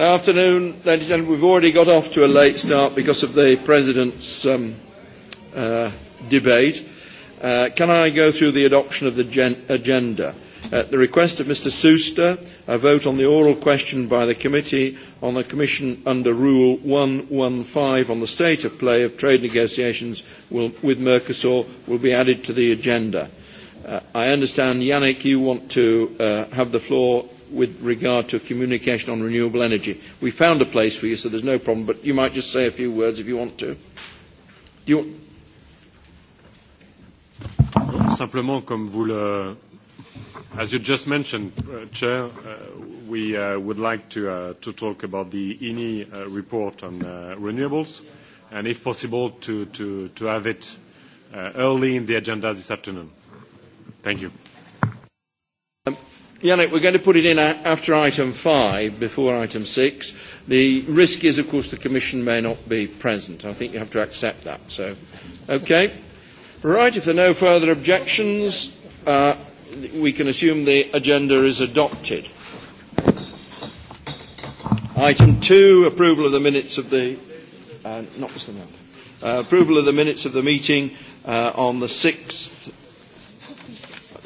Afternoon, ladies and gentlemen. We've already got off to a late start because of the President's um, uh, debate. Uh, can I go through the adoption of the gen- agenda? At the request of Mr Suster, a vote on the oral question by the Committee on the Commission under Rule 115 on the state of play of trade negotiations will, with Mercosur will be added to the agenda. Uh, I understand, Yannick, you want to uh, have the floor with regard to communication on renewable energy. We found a place for you, so there's no problem, but you might just say a few words if you want to. Do you... Simplement, comme vous le... As you just mentioned, uh, Chair, uh, we uh, would like to, uh, to talk about the INI uh, report on uh, renewables, and if possible, to, to, to have it early in the agenda this afternoon. Thank you. Um, Yannick, we're going to put it in after item five, before item six. The risk is, of course, the Commission may not be present. I think you have to accept that. So, okay. Right, if there are no further objections, uh, we can assume the agenda is adopted. Item two, approval of the minutes of the, uh, not Mr. Miller, uh, approval of the minutes of the meeting uh, on the 6th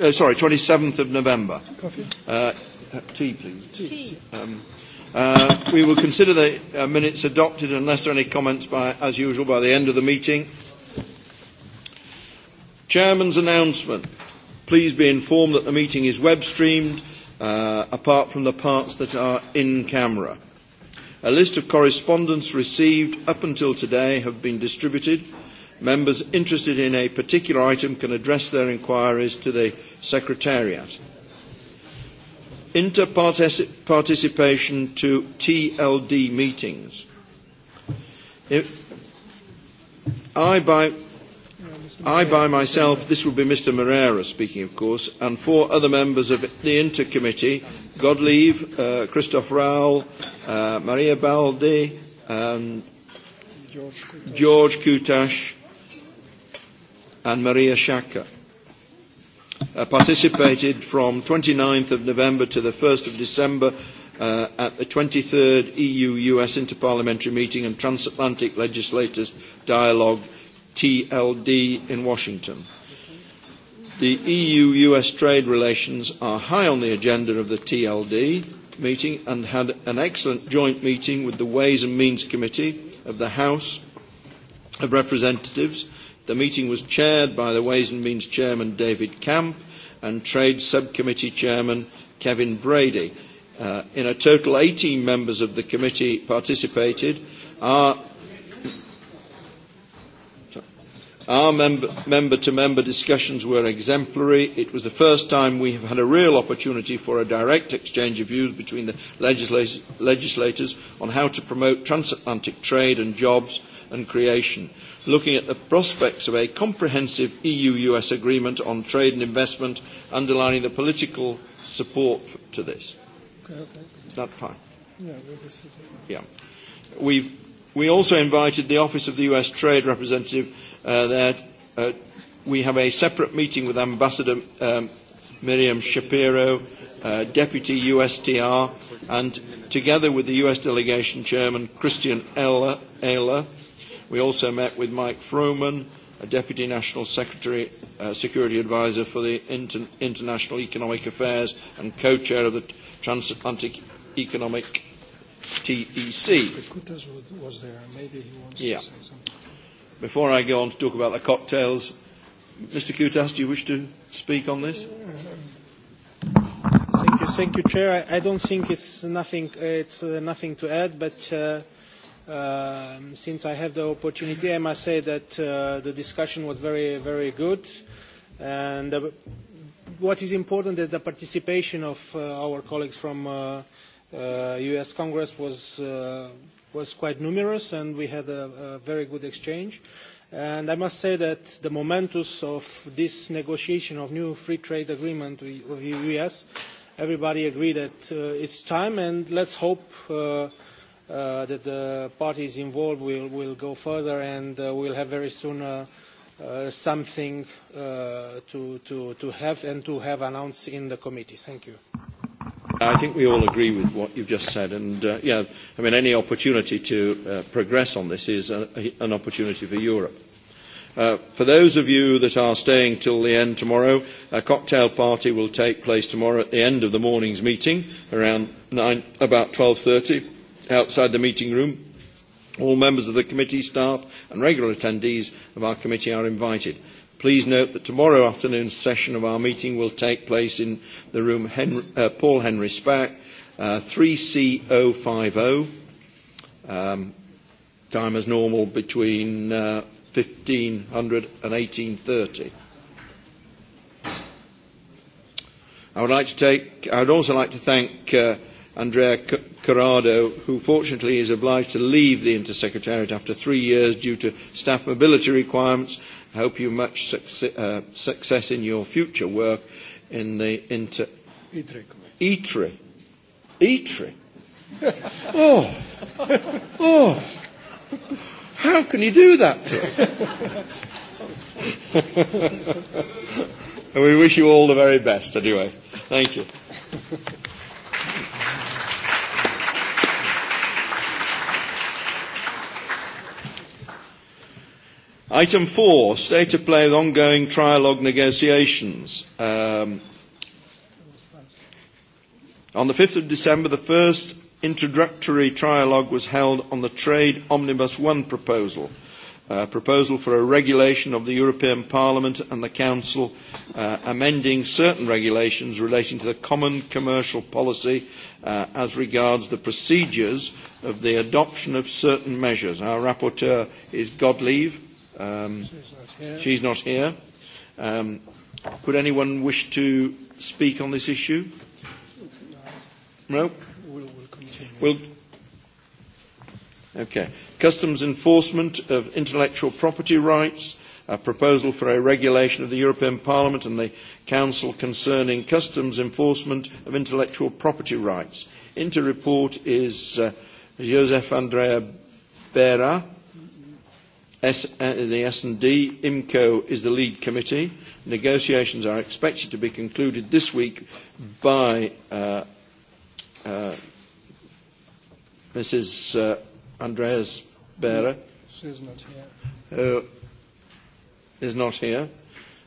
uh, sorry, 27th of November. Coffee? Uh, uh tea, please. Tea. Um, uh, we will consider the uh, minutes adopted unless there are any comments, by, as usual, by the end of the meeting. Chairman's announcement. Please be informed that the meeting is web streamed, uh, apart from the parts that are in camera. A list of correspondence received up until today have been distributed Members interested in a particular item can address their inquiries to the Secretariat. Interparticipation to TLD meetings. If I, by, I by myself, this will be Mr Moreira speaking, of course, and four other members of the intercommittee: Godleave, uh, Christophe Raoul, uh, Maria Baldi, um, George Kutash, and Maria Shaka, uh, participated from 29th of November to the 1st of December uh, at the 23rd EU-US Interparliamentary Meeting and Transatlantic Legislators Dialogue TLD in Washington. The EU-US trade relations are high on the agenda of the TLD meeting and had an excellent joint meeting with the Ways and Means Committee of the House of Representatives The meeting was chaired by the Ways and Means Chairman David Camp and Trade Subcommittee Chairman Kevin Brady. Uh, in a total, 18 members of the committee participated. Our Our member-to-member -member discussions were exemplary. It was the first time we have had a real opportunity for a direct exchange of views between the legislators on how to promote transatlantic trade and jobs and creation, looking at the prospects of a comprehensive EU-US agreement on trade and investment, underlining the political support to this. Okay, okay. That's fine. Yeah, yeah. We've, we also invited the Office of the US Trade Representative uh, there. Uh, we have a separate meeting with Ambassador um, Miriam Shapiro, uh, Deputy USTR, and together with the US Delegation Chairman Christian Ehler, Ehler We also met with Mike Froman, a Deputy National Secretary, uh, Security Advisor for the Inter International Economic Affairs and co-chair of the Transatlantic Economic TEC. Kutas was there. Maybe he wants yeah. to say something. Before I go on to talk about the cocktails, Mr. Kutas, do you wish to speak on this? Thank you, thank you, Chair. I, I don't think it's nothing. Uh, it's uh, nothing to add, but. Uh, Um, since I had the opportunity, I must say that uh, the discussion was very, very good. And uh, what is important is the participation of uh, our colleagues from US uh, uh, Congress was, was quite numerous, and we had a, a very good exchange. And I must say that the momentous of this negotiation of new free trade agreement with the US, everybody agreed that uh, it's time, and let's hope uh, Uh, that the parties involved will, will go further and uh, we'll have very soon uh, uh, something uh, to, to, to have and to have announced in the committee. Thank you. I think we all agree with what you've just said, and uh, yeah, I mean, any opportunity to uh, progress on this is a, a, an opportunity for Europe. Uh, for those of you that are staying till the end tomorrow, a cocktail party will take place tomorrow at the end of the morning's meeting around nine, about 12.30 outside the meeting room. All members of the committee, staff and regular attendees of our committee are invited. Please note that tomorrow afternoon's session of our meeting will take place in the room Henry, uh, Paul Henry Spack, uh, 3C050, um, time as normal between uh, 1500 and 1830. I would like to take, I would also like to thank uh, Andrea Corrado, who fortunately is obliged to leave the Intersecretariat after three years due to staff mobility requirements. I hope you much succe- uh, success in your future work in the Inter... ITRE. ITRE. oh. Oh. How can you do that to us? and we wish you all the very best anyway. Thank you. Item four, state of play of ongoing trialogue negotiations. Um, on the 5th of December, the first introductory trialogue was held on the Trade Omnibus One proposal, a proposal for a regulation of the European Parliament and the Council uh, amending certain regulations relating to the common commercial policy uh, as regards the procedures of the adoption of certain measures. Our rapporteur is Godleave. Um, she's not here. Um, could anyone wish to speak on this issue? No? We'll, we'll Okay. Customs enforcement of intellectual property rights, a proposal for a regulation of the European Parliament and the Council concerning customs enforcement of intellectual property rights. Inter-report is uh, Joseph Andrea Bera. S uh, the S&D IMCO is the lead committee. Negotiations are expected to be concluded this week by uh, uh, Mrs. Uh, Andreas Berer. not here. Who is not here.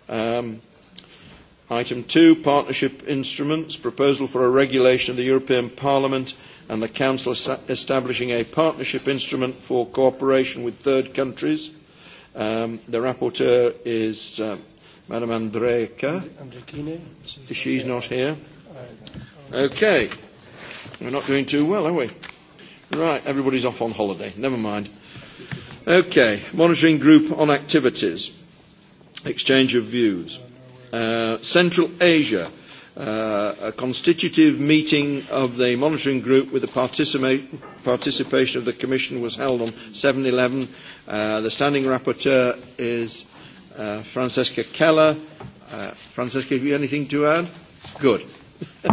Um, item two, partnership instruments, proposal for a regulation of the European Parliament and the Council establishing a partnership instrument for cooperation with third countries. Um, the rapporteur is uh, Madame Andreka. She's, She's not here. Okay. We're not doing too well, are we? Right, everybody's off on holiday. Never mind. Okay, monitoring group on activities, exchange of views. Uh, Central Asia, Uh, a constitutive meeting of the monitoring group with the participa participation of the Commission was held on 7-11. Uh, the standing rapporteur is uh, Francesca Keller. Uh, Francesca, have you anything to add? Good.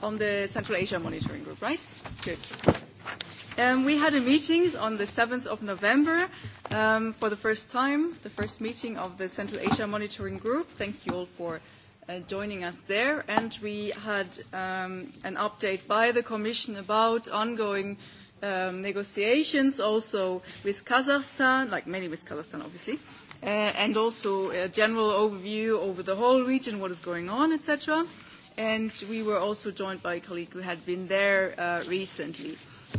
on the Central Asia Monitoring Group, right? Good. Um, we had a meeting on the 7th of November um, for the first time, the first meeting of the Central Asia Monitoring Group. Thank you all for Uh, joining us there. And we had um, an update by the Commission about ongoing um, negotiations also with Kazakhstan, like many with Kazakhstan, obviously, uh, and also a general overview over the whole region, what is going on, etc. And we were also joined by a colleague who had been there uh, recently.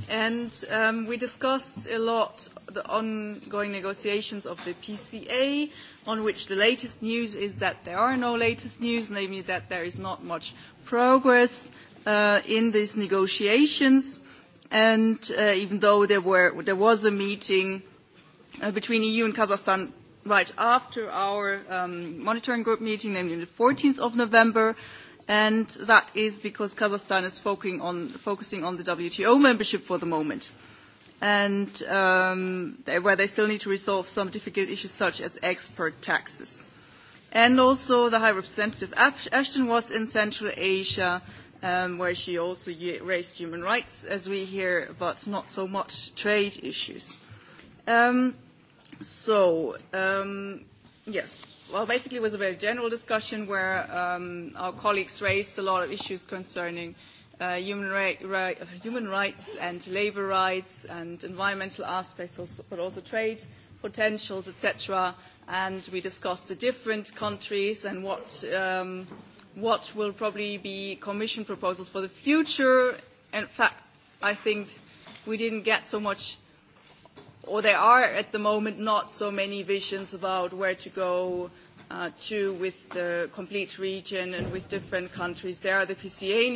And um, we discussed a lot the ongoing negotiations of the PCA, on which the latest news is that there are no latest news, namely that there is not much progress uh, in these negotiations. And uh, even though there, were, there was a meeting uh, between EU and Kazakhstan right after our um, monitoring group meeting, namely on the 14th of November, and that is because Kazakhstan is focusing on, focusing on the WTO membership for the moment, and um, they, where they still need to resolve some difficult issues such as export taxes. And also the High Representative Ashton was in Central Asia, um, where she also raised human rights, as we hear, but not so much trade issues. Um, so, um, yes well, basically it was a very general discussion where um, our colleagues raised a lot of issues concerning uh, human, right, right, human rights and labor rights and environmental aspects, also, but also trade potentials, etc. And we discussed the different countries and what, um, what will probably be commission proposals for the future. In fact, I think we didn't get so much or there are at the moment not so many visions about where to go uh, to with the complete region and with different countries. There are the PCA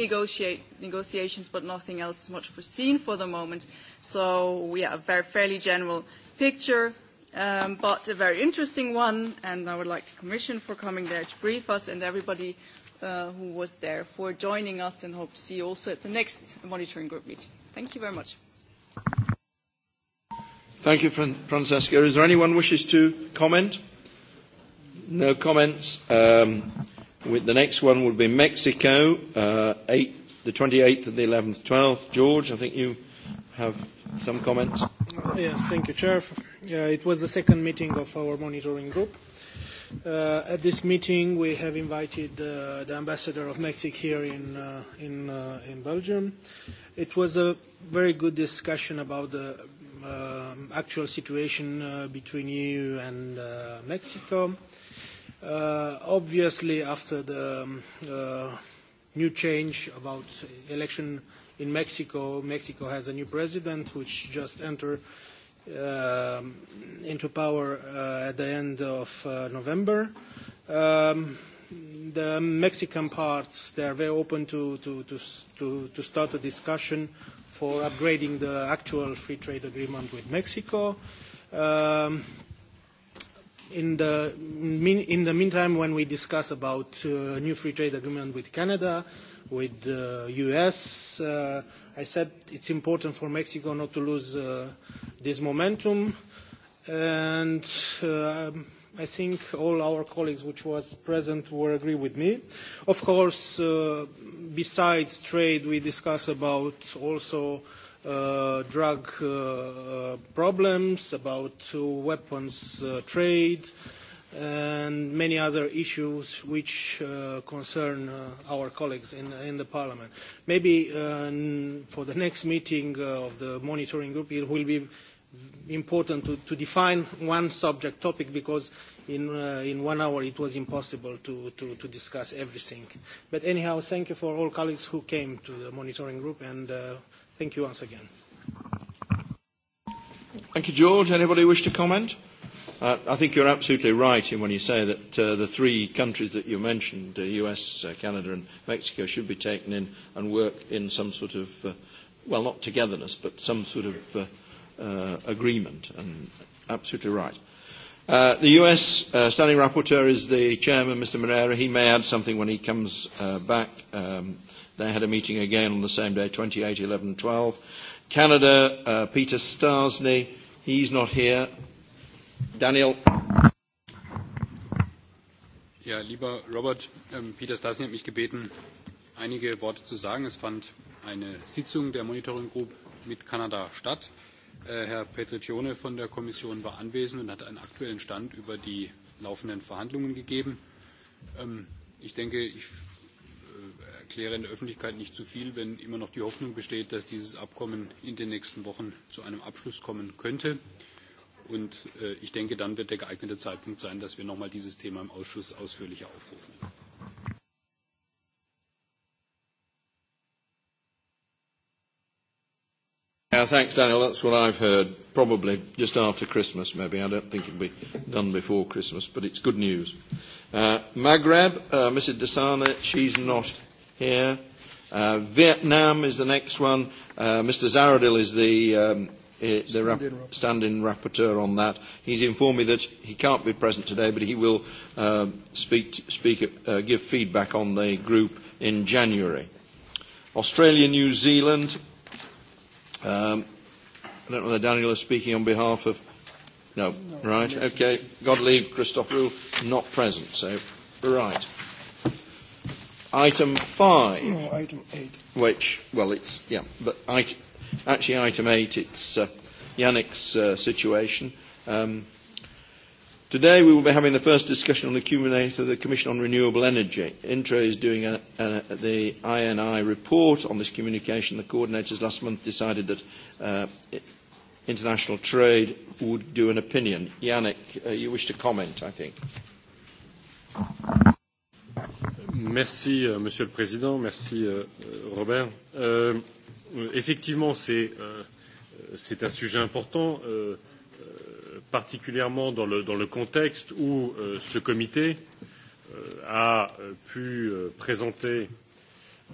negotiations, but nothing else is much foreseen for the moment. So we yeah, have a very fairly general picture, um, but a very interesting one, and I would like the Commission for coming there to brief us and everybody uh, who was there for joining us and hope to see you also at the next monitoring group meeting. Thank you very much. Thank you, Francesca. Is there anyone wishes to comment? No comments. Um, with the next one will be Mexico, uh, eight, the 28th and the 11th, 12th. George, I think you have some comments. Yes, thank you, Chair. Uh, it was the second meeting of our monitoring group. Uh, at this meeting, we have invited uh, the ambassador of Mexico here in uh, in, uh, in Belgium. It was a very good discussion about the Um, actual situation uh, between EU and uh, Mexico. Uh, obviously, after the um, uh, new change about election in Mexico, Mexico has a new president which just entered uh, into power uh, at the end of uh, November. Um, the Mexican parts, they are very open to, to, to, to, start a discussion for upgrading the actual free trade agreement with Mexico. Um, in, the, in the meantime, when we discuss about uh, new free trade agreement with Canada, with the uh, US, uh, I said it's important for Mexico not to lose uh, this momentum. And uh, I think all our colleagues which was present will agree with me. Of course, uh, besides trade, we discuss about also uh, drug uh, problems, about weapons uh, trade, and many other issues which uh, concern uh, our colleagues in, in, the Parliament. Maybe uh, for the next meeting uh, of the monitoring group, it will be important to, to define one subject topic because in, uh, in one hour it was impossible to, to, to discuss everything. But anyhow, thank you for all colleagues who came to the monitoring group and uh, thank you once again. Thank you, George. Anybody wish to comment? Uh, I think you're absolutely right in when you say that uh, the three countries that you mentioned, the uh, US, uh, Canada and Mexico, should be taken in and work in some sort of, uh, well, not togetherness, but some sort of uh, uh, agreement, and absolutely right. Uh, the US uh, standing rapporteur is the chairman, Mr. Moreira. He may add something when he comes uh, back. Um, they had a meeting again on the same day, 28, 11, 12. Canada, uh, Peter Starsny, he's not here. Daniel. Ja, lieber Robert, ähm, Peter Stasny hat mich gebeten, einige Worte zu sagen. Es fand eine Sitzung der Monitoring Group mit Kanada statt Äh, Herr Petriccione von der Kommission war anwesend und hat einen aktuellen Stand über die laufenden Verhandlungen gegeben. Ähm, ich denke, ich äh, erkläre in der Öffentlichkeit nicht zu viel, wenn immer noch die Hoffnung besteht, dass dieses Abkommen in den nächsten Wochen zu einem Abschluss kommen könnte. Und äh, ich denke, dann wird der geeignete Zeitpunkt sein, dass wir nochmal dieses Thema im Ausschuss ausführlicher aufrufen. Yeah, thanks, Daniel. That's what I've heard. Probably just after Christmas, maybe. I don't think it'll be done before Christmas, but it's good news. Uh, Maghreb, uh, Mrs. Desana, she's not here. Uh, Vietnam is the next one. Uh, Mr. Zaradil is the, um, the stand-in rap- stand rapporteur on that. He's informed me that he can't be present today, but he will uh, speak, speak, uh, give feedback on the group in January. Australia, New Zealand, Um, I don't know whether Daniel is speaking on behalf of... No. no right. Okay. God leave Christophe Roux not present. So, right. Item five. No, item eight. Which, well, it's, yeah, but it, actually item eight, it's uh, Yannick's uh, situation. Um, Today we will be having the first discussion on the accumulator of the Commission on Renewable Energy. INTRA is doing a, a, the INI report on this communication. The coordinators last month decided that uh, international trade would do an opinion. Yannick, uh, you wish to comment, I think. Merci, euh, Monsieur le Président. Merci, euh, euh Robert. Euh, effectivement, c'est euh, un sujet important. Euh, particulièrement dans le, dans le contexte où euh, ce comité euh, a euh, pu euh, présenter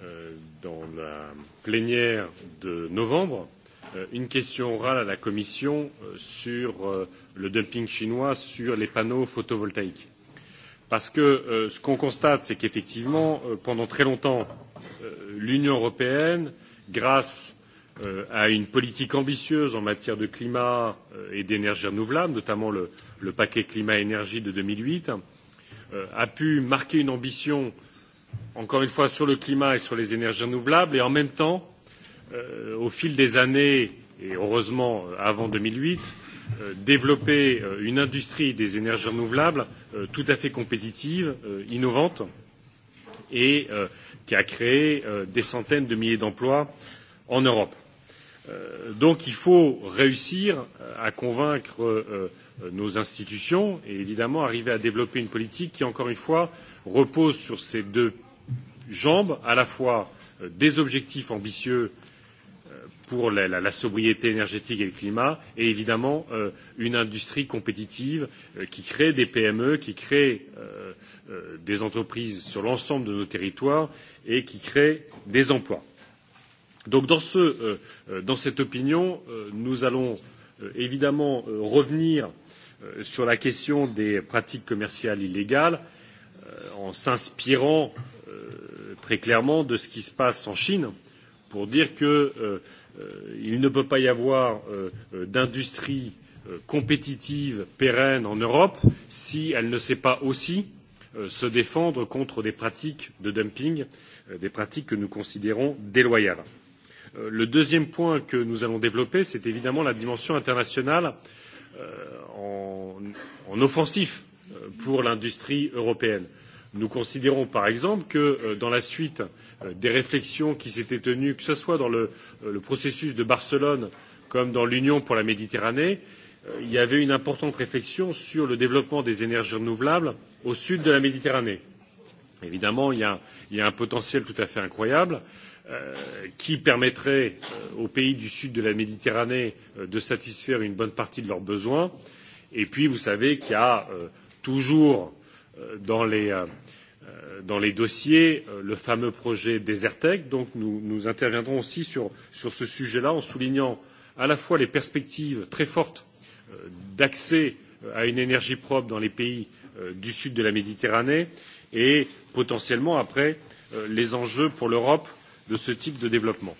euh, dans la plénière de novembre euh, une question orale à la Commission euh, sur euh, le dumping chinois sur les panneaux photovoltaïques. Parce que euh, ce qu'on constate, c'est qu'effectivement, euh, pendant très longtemps, euh, l'Union européenne, grâce à euh, une politique ambitieuse en matière de climat euh, et d'énergie renouvelable, notamment le, le paquet climat-énergie de 2008, euh, a pu marquer une ambition, encore une fois, sur le climat et sur les énergies renouvelables, et en même temps, euh, au fil des années, et heureusement euh, avant 2008, euh, développer euh, une industrie des énergies renouvelables euh, tout à fait compétitive, euh, innovante, et euh, qui a créé euh, des centaines de milliers d'emplois en Europe. Euh, donc il faut réussir euh, à convaincre euh, nos institutions et évidemment arriver à développer une politique qui encore une fois repose sur ces deux jambes à la fois des objectifs ambitieux pour la, la, la sobriété énergétique et le climat et évidemment une industrie compétitive qui crée des PME qui crée des entreprises sur l'ensemble de nos territoires et qui crée des emplois Donc dans, ce, euh, euh, dans cette opinion, euh, nous allons évidemment revenir sur la question des pratiques commerciales illégales en s'inspirant euh, très clairement de ce qui se passe en Chine pour dire qu'il ne peut pas y avoir d'industrie compétitive pérenne en Europe si elle ne sait pas aussi se défendre contre des pratiques de dumping, des pratiques que nous considérons déloyales. Euh, le deuxième point que nous allons développer, c'est évidemment la dimension internationale euh, en, en offensif euh, pour l'industrie européenne. Nous considérons par exemple que dans la suite des réflexions qui s'étaient tenues, que ce soit dans le, le processus de Barcelone comme dans l'Union pour la Méditerranée, il y avait une importante réflexion sur le développement des énergies renouvelables au sud de la Méditerranée. Évidemment, il y a, il y a un potentiel tout à fait incroyable. Euh, Euh, qui permettrait euh, aux pays du sud de la Méditerranée euh, de satisfaire une bonne partie de leurs besoins. Et puis, vous savez qu'il y a toujours dans les, dans les dossiers le fameux projet Desertec. Donc, nous, nous interviendrons aussi sur, sur ce sujet-là en soulignant à la fois les perspectives très fortes d'accès à une énergie propre dans les pays du sud de la Méditerranée et potentiellement après les enjeux pour l'Europe de ce type de développement.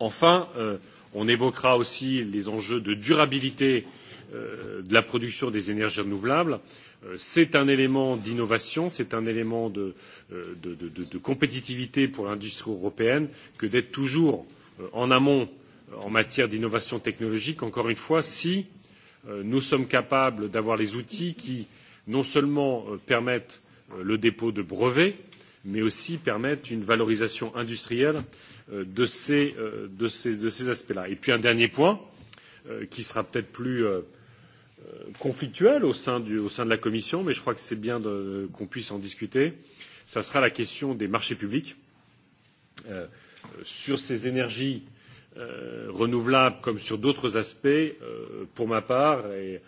enfin euh, on évoquera aussi les enjeux de durabilité euh, de la production des énergies renouvelables. Euh, c'est un élément d'innovation c'est un élément de, de, de, de compétitivité pour l'industrie européenne que d'être toujours en amont en matière d'innovation technologique encore une fois si nous sommes capables d'avoir les outils qui non seulement permettent le dépôt de brevets mais aussi permettre une valorisation industrielle euh, de ces, euh, de ces, de ces aspects-là. Et puis un dernier point euh, qui sera peut-être plus conflictuel au sein, du, au sein de la Commission, mais je crois que c'est bien qu'on puisse en discuter, ça sera la question des marchés publics. Euh, sur ces énergies euh, renouvelables comme sur d'autres aspects, euh, pour ma part, et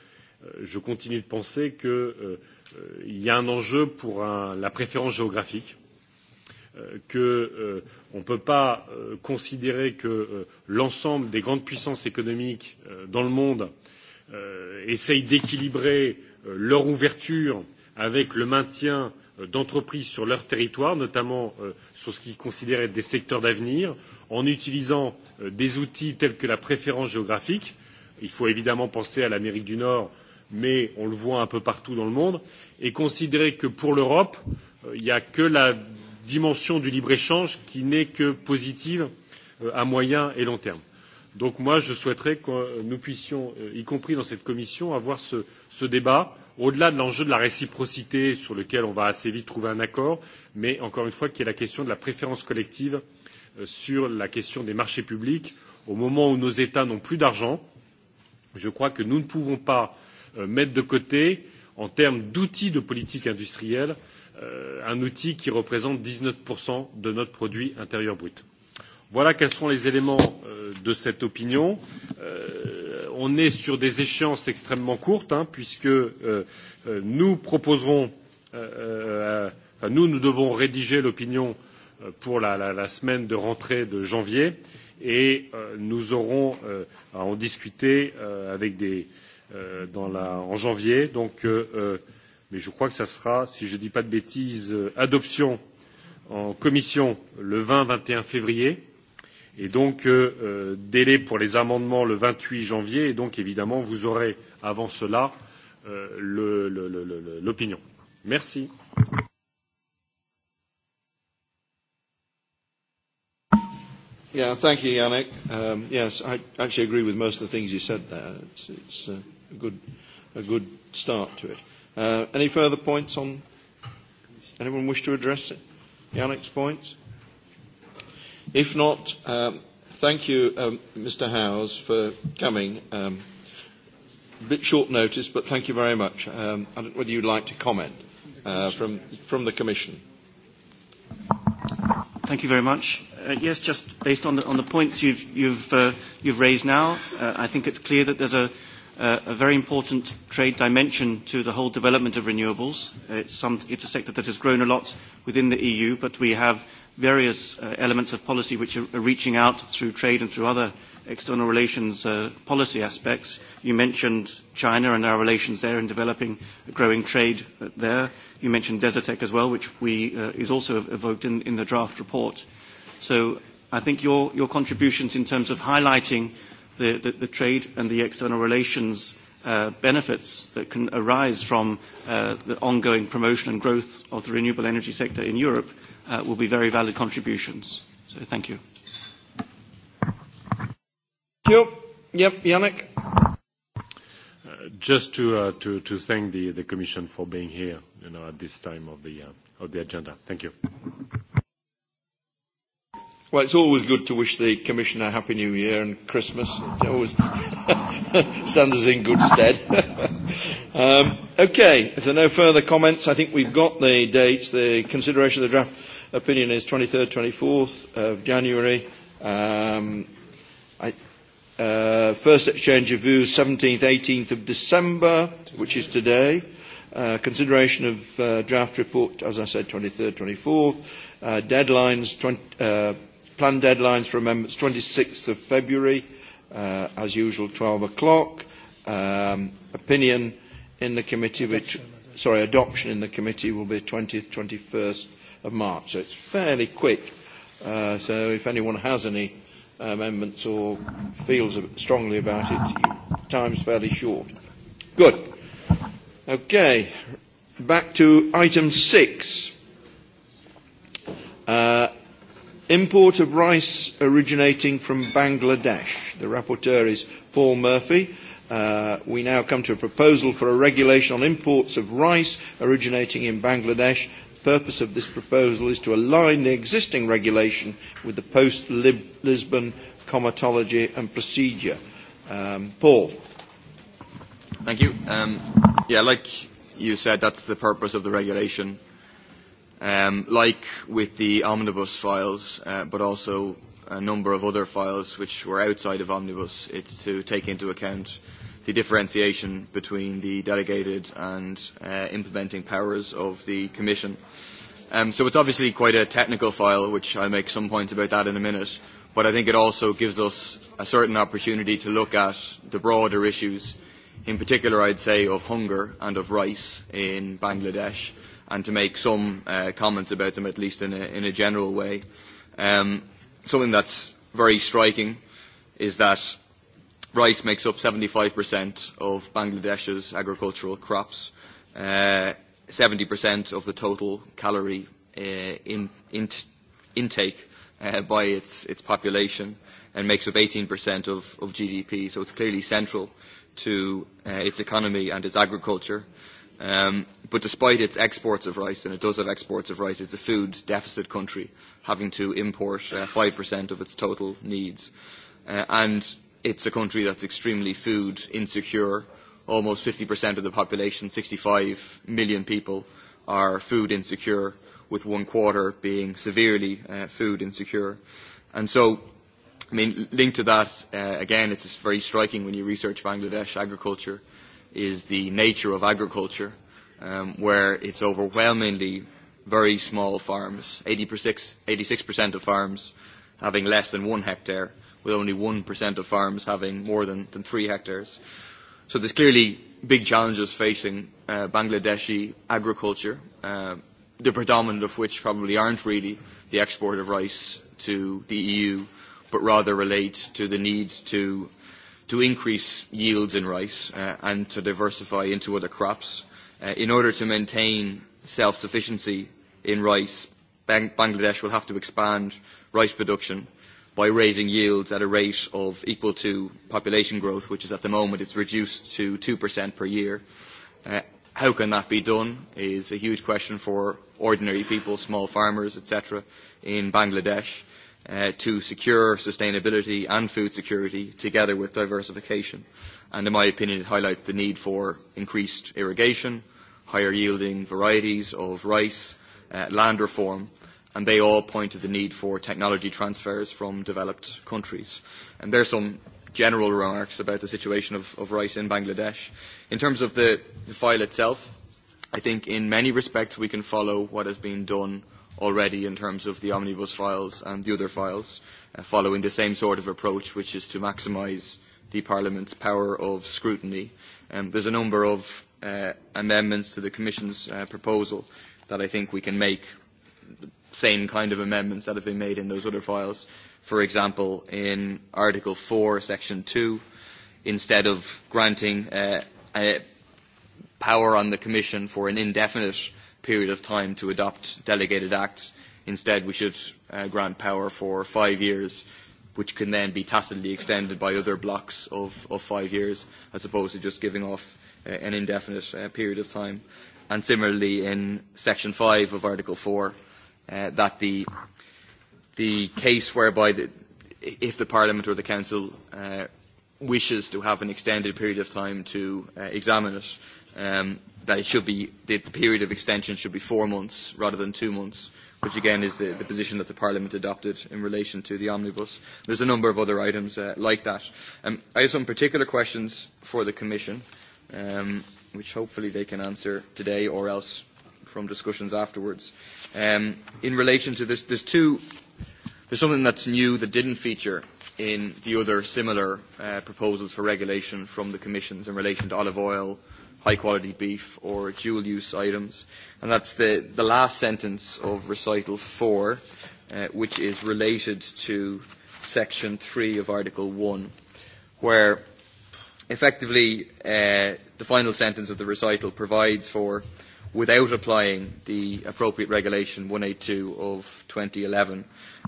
je continue de penser qu'il y a un enjeu pour un, la préférence géographique Euh, qu'on euh, ne peut pas euh, considérer que l'ensemble des grandes puissances économiques dans le monde essayent d'équilibrer leur ouverture avec le maintien d'entreprises sur leur territoire, notamment sur ce qu'ils considèrent être des secteurs d'avenir, en utilisant des outils tels que la préférence géographique. Il faut évidemment penser à l'Amérique du Nord, mais on le voit un peu partout dans le monde, et considérer que pour l'Europe, il n'y a que la dimension du libre-échange qui n'est que positive euh, à moyen et long terme. Donc moi, je souhaiterais que nous puissions, euh, y compris dans cette commission, avoir ce, ce débat au-delà de l'enjeu de la réciprocité sur lequel on va assez vite trouver un accord, mais encore une fois, qui est la question de la préférence collective euh, sur la question des marchés publics. Au moment où nos États n'ont plus d'argent, je crois que nous ne pouvons pas mettre de côté, en termes d'outils de politique industrielle, euh, Euh, un outil qui représente 19% de notre produit intérieur brut. Voilà quels sont les éléments euh, de cette opinion. Euh, on est sur des échéances extrêmement courtes, hein, puisque nous proposerons, enfin nous, nous devons rédiger l'opinion pour la, la, la semaine de rentrée de janvier et nous aurons à en discuter avec des, dans la, en janvier. Donc euh, mais je crois que ça sera, si je ne dis pas de bêtises, euh, adoption en commission le 20-21 février, et donc euh, euh, délai pour les amendements le 28 janvier, et donc évidemment vous aurez avant cela euh, l'opinion. Le, le, le, le, Merci. Yeah, thank you, Yannick. Um, yes, I actually agree with most of the things you said there. It's, it's a, good, a good start to it. Uh, any further points on? Anyone wish to address it? the annex points? If not, um, thank you, um, Mr. Howes, for coming. Um, a bit short notice, but thank you very much. Um, I don't know whether you'd like to comment uh, from, from the Commission. Thank you very much. Uh, yes, just based on the, on the points you've, you've, uh, you've raised now, uh, I think it's clear that there's a Uh, a very important trade dimension to the whole development of renewables. It's, some, it's a sector that has grown a lot within the EU, but we have various uh, elements of policy which are, are reaching out through trade and through other external relations uh, policy aspects. You mentioned China and our relations there and developing a growing trade there. You mentioned Desertec as well, which we, uh, is also evoked in, in the draft report. So I think your, your contributions in terms of highlighting the, the, the trade and the external relations uh, benefits that can arise from uh, the ongoing promotion and growth of the renewable energy sector in Europe uh, will be very valid contributions. So thank you. Yep, yep Yannick. Uh, just to, uh, to, to thank the, the Commission for being here you know, at this time of the, uh, of the agenda. Thank you. Well, it's always good to wish the Commissioner Happy New Year and Christmas. It always stands us in good stead. um, okay, if there are no further comments, I think we've got the dates. The consideration of the draft opinion is 23rd, 24th of January. Um, I, uh, first exchange of views, 17th, 18th of December, which is today. Uh, consideration of uh, draft report, as I said, 23rd, 24th. Uh, deadlines, 20, uh, Planned deadlines for amendments 26th of February, uh, as usual, 12 o'clock. Um, opinion in the committee, which, sorry, adoption in the committee will be 20th, 21st of March. So it's fairly quick. Uh, so if anyone has any amendments or feels strongly about it, you, time's fairly short. Good. Okay. Back to item six. Uh, Import of rice originating from Bangladesh. The rapporteur is Paul Murphy. Uh, we now come to a proposal for a regulation on imports of rice originating in Bangladesh. The purpose of this proposal is to align the existing regulation with the post-Lisbon comitology and procedure. Um, Paul. Thank you. Um, yeah, like you said, that's the purpose of the regulation um, like with the omnibus files, uh, but also a number of other files which were outside of omnibus, it's to take into account the differentiation between the delegated and uh, implementing powers of the Commission. Um, so it's obviously quite a technical file, which I'll make some points about that in a minute, but I think it also gives us a certain opportunity to look at the broader issues, in particular, I'd say, of hunger and of rice in Bangladesh, and to make some uh, comments about them, at least in a, in a general way. Um, something that's very striking is that rice makes up 75% of Bangladesh's agricultural crops, uh, 70% of the total calorie uh, in, in, intake uh, by its, its population, and makes up 18% of, of GDP. So it's clearly central to uh, its economy and its agriculture. Uh, Um, but despite its exports of rice, and it does have exports of rice, it's a food deficit country, having to import uh, 5% of its total needs. Uh, and it's a country that's extremely food insecure. Almost 50% of the population, 65 million people, are food insecure, with one quarter being severely uh, food insecure. And so I mean, linked to that, uh, again, it's very striking when you research Bangladesh agriculture is the nature of agriculture, um, where it's overwhelmingly very small farms, 86, of farms having less than one hectare, with only 1% of farms having more than, than three hectares. So there's clearly big challenges facing uh, Bangladeshi agriculture, uh, the predominant of which probably aren't really the export of rice to the EU, but rather relate to the needs to to increase yields in rice uh, and to diversify into other crops uh, in order to maintain self-sufficiency in rice. Bang Bangladesh will have to expand rice production by raising yields at a rate of equal to population growth, which is at the moment it's reduced to 2% per year. Uh, how can that be done is a huge question for ordinary people, small farmers, etc., in Bangladesh. Uh, uh, to secure sustainability and food security together with diversification. And in my opinion, it highlights the need for increased irrigation, higher yielding varieties of rice, uh, land reform, and they all point to the need for technology transfers from developed countries. And there are some general remarks about the situation of, of rice in Bangladesh. In terms of the, the file itself, I think in many respects we can follow what has been done uh, already in terms of the omnibus files and the other files, uh, following the same sort of approach, which is to maximise the Parliament's power of scrutiny. Um, there's a number of uh, amendments to the Commission's uh, proposal that I think we can make the same kind of amendments that have been made in those other files. For example, in Article 4, Section 2, instead of granting uh, power on the Commission for an indefinite period of time to adopt delegated acts. Instead, we should uh, grant power for five years, which can then be tacitly extended by other blocks of, of five years, as opposed to just giving off uh, an indefinite uh, period of time. And similarly, in Section 5 of Article 4, uh, that the, the case whereby the, if the Parliament or the Council uh, wishes to have an extended period of time to uh, examine it, um, that it should be that the period of extension should be four months rather than two months, which again is the, the position that the Parliament adopted in relation to the omnibus. There's a number of other items uh, like that. Um, I have some particular questions for the Commission, um, which hopefully they can answer today or else from discussions afterwards. Um, in relation to this, there's two. There's something that's new that didn't feature in the other similar uh, proposals for regulation from the Commissions in relation to olive oil, high quality beef or dual use items. And that's the, the last sentence of recital 4, uh, which is related to section 3 of article 1, where effectively uh, the final sentence of the recital provides for without applying the appropriate regulation 182 of 2011.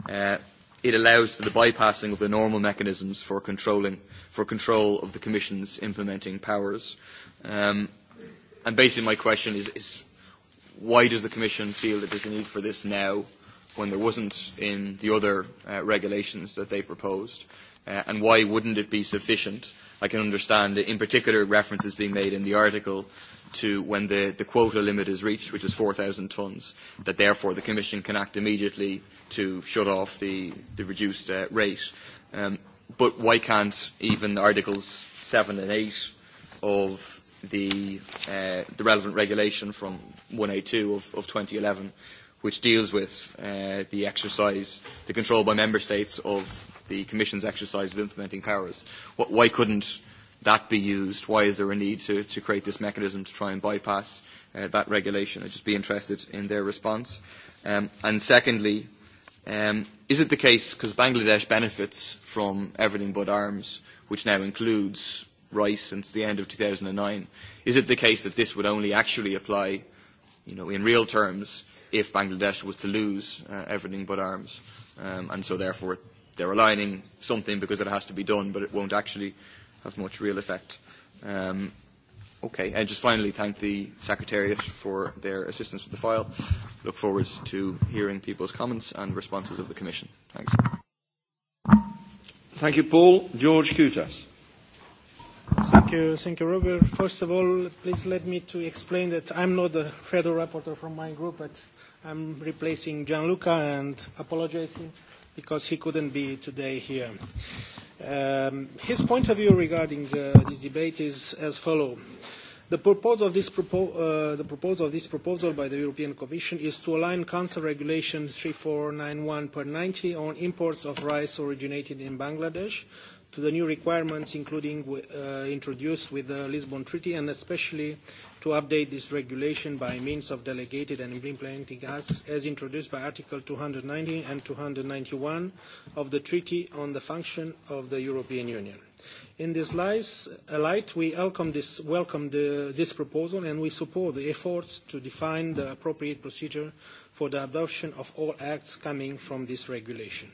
Uh, it allows for the bypassing of the normal mechanisms for controlling uh, for control of the Commission's implementing powers. Um, and basically my question is, is why does the Commission feel that there's a need for this now when there wasn't in the other uh, regulations that they proposed? Uh, and why wouldn't it be sufficient? I can understand in particular references being made in the article to when the, the quota limit is reached, which is 4,000 tonnes, that therefore the Commission can act immediately to shut off the, the reduced uh, rate. Um, but why can't even Articles 7 and 8 of the, uh, the relevant regulation from 182 of, of 2011, which deals with uh, the exercise, the control by member states of the Commission's exercise of implementing powers. What, why couldn't that be used? Why is there a need to, to create this mechanism to try and bypass uh, that regulation? I'd just be interested in their response. Um, and secondly, Um, is it the case, because Bangladesh benefits from everything but arms, which now includes rice since the end of 2009, is it the case that this would only actually apply, you know, in real terms, if Bangladesh was to lose uh, everything but arms? Um, and so therefore they're aligning something because it has to be done, but it won't actually have much real effect. Um, Okay, and just finally thank the Secretariat for their assistance with the file. Look forward to hearing people's comments and responses of the Commission. Thanks. Thank you, Paul. George Kutas. Thank you, thank you, Robert. First of all, please let me to explain that I'm not the federal reporter from my group, but I'm replacing Gianluca and apologizing because he couldn't be today here. Um, his point of view regarding uh, this debate is as follows. The purpose, of this propo- uh, the of this proposal by the European Commission is to align Council Regulation 3491 per 90 on imports of rice originated in Bangladesh to the new requirements including uh, introduced with the Lisbon Treaty and especially to update this regulation by means of delegated and implementing acts as introduced by Article 290 and 291 of the Treaty on the Function of the European Union. In this uh, light, we welcome, this, welcome the, this proposal and we support the efforts to define the appropriate procedure for the adoption of all acts coming from this regulation.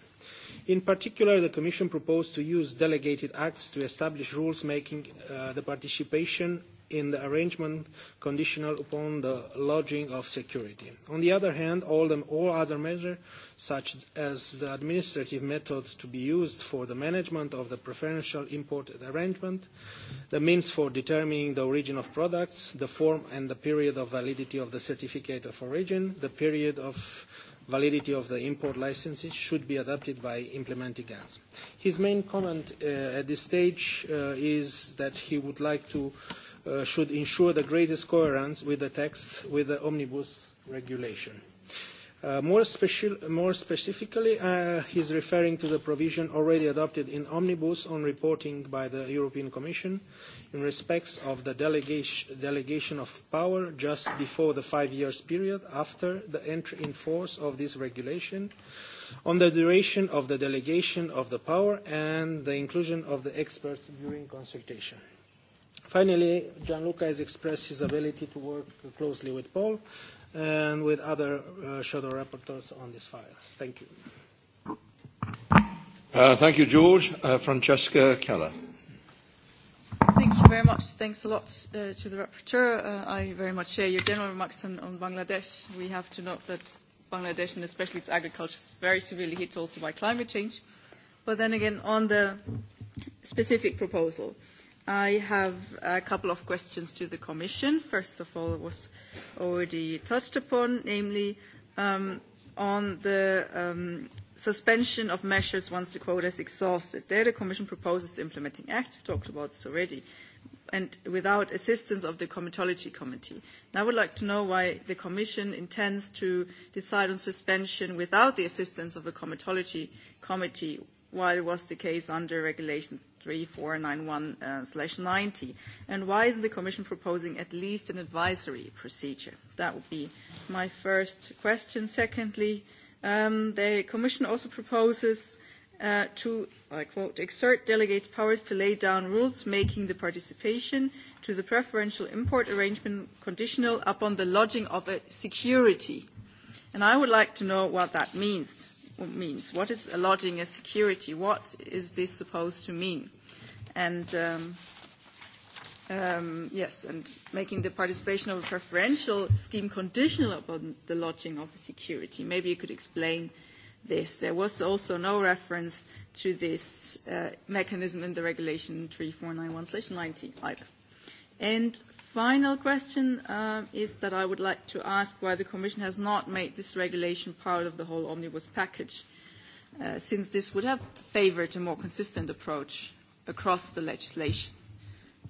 In particular, the Commission proposed to use delegated acts to establish rules making uh, the participation in the arrangement conditional upon the lodging of security. On the other hand, all, the, all other measures, such as the administrative method to be used for the management of the preferential import arrangement, the means for determining the origin of products, the form and the period of validity of the certificate of origin, the period of validity of the import licenses should be adopted by implementing acts. His main comment uh, at this stage uh, is that he would like to, uh, should ensure the greatest coherence with the text with the omnibus regulation. Uh, more, special, more, specifically, uh, he's referring to the provision already adopted in Omnibus on reporting by the European Commission in respect of the delegation, delegation of power just before the five years period after the entry in force of this regulation, on the duration of the delegation of the power and the inclusion of the experts during consultation. Finally, Gianluca has expressed his ability to work closely with Paul and with other uh, shadow rapporteurs on this file. Thank you. Uh, thank you, George. Uh, Francesca Keller. Thank you very much. Thanks a lot uh, to the rapporteur. Uh, I very much share your general remarks on, on Bangladesh. We have to note that Bangladesh, and especially its agriculture, is very severely hit also by climate change. But then again, on the specific proposal, uh, I have a couple of questions to the Commission. First of all, it was already touched upon, namely um, on the um, suspension of measures once the quota is exhausted. There, the Commission proposes the implementing act. We talked about this already and without assistance of the Comitology Committee. And I would like to know why the Commission intends to decide on suspension without the assistance of the Comitology Committee, while it was the case under Regulation 3491/90? Uh, And why isn't the Commission proposing at least an advisory procedure? That would be my first question. Secondly, um, the Commission also proposes Uh, to, I quote, exert delegated powers to lay down rules making the participation to the preferential import arrangement conditional upon the lodging of a security. And I would like to know what that means. What, means. what is a lodging a security? What is this supposed to mean? and um, um, yes, and making the participation of a preferential scheme conditional upon the lodging of a security. Maybe you could explain this. There was also no reference to this uh, mechanism in the regulation 3491/19 either. And final question uh, is that I would like to ask why the Commission has not made this regulation part of the whole omnibus package, uh, since this would have favoured a more consistent approach across the legislation?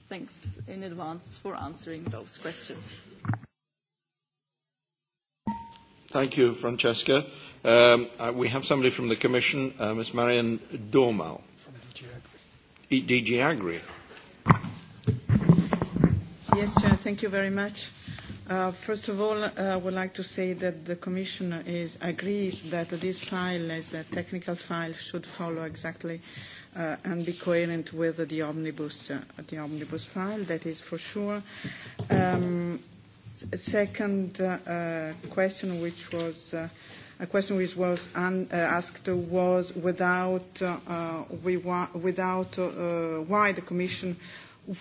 Thanks in advance for answering those questions. Thank you, Francesca. Um, uh, we have somebody from the Commission, uh, Ms. Marion Dormal. From DG Agri. DG Agri. Yes, Chair, thank you very much. Uh, first of all, uh, I would like to say that the Commission is, agrees that this file as a technical file should follow exactly uh, and be coherent with the omnibus, uh, the omnibus file, that is for sure. Um, second uh, uh question which was uh, a question which was un, uh, asked was without, uh, we wa- without uh, why the Commission uh,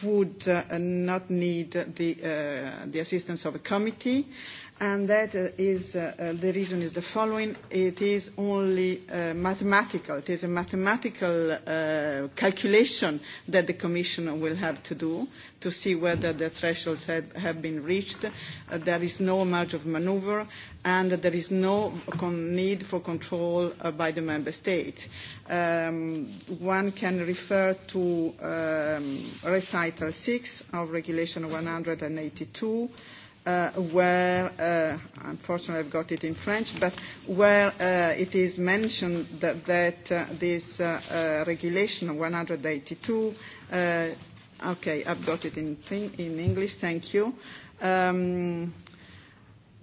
would uh, not need uh, the, assistance of a committee and that uh, is uh, uh, the reason is the following. It is only uh, mathematical. It is a mathematical uh, calculation that the Commission will have to do to see whether the thresholds have, have been reached. Uh, there is no margin of maneuver, and there is no need for control uh, by the member state. Um, one can refer to um, recital 6 of Regulation 182 uh, where, uh, unfortunately I've got it in French, but where uh, it is mentioned that, that uh, this uh, uh, regulation 182, uh, okay, I've got it in, in English, thank you, um,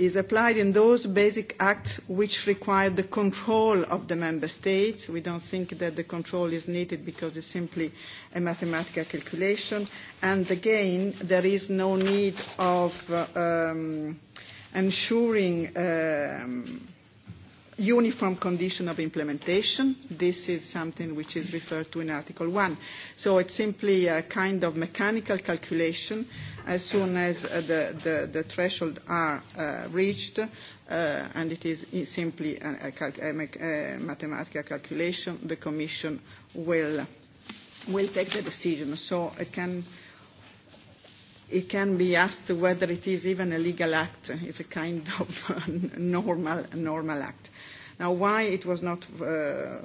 is applied in those basic acts which require the control of the member states. We don't think that the control is needed because it's simply a mathematical calculation. And again, there is no need of uh, um, ensuring um, uniform condition of implementation. This is something which is referred to in Article 1. So it's simply a kind of mechanical calculation. As soon as uh, the, the, the threshold are uh, reached, uh, and it is simply a, a, calc a, a mathematical calculation, the Commission will, will take the decision. So it can it can be asked whether it is even a legal act. It's a kind of normal, normal act. Now, why it was not uh,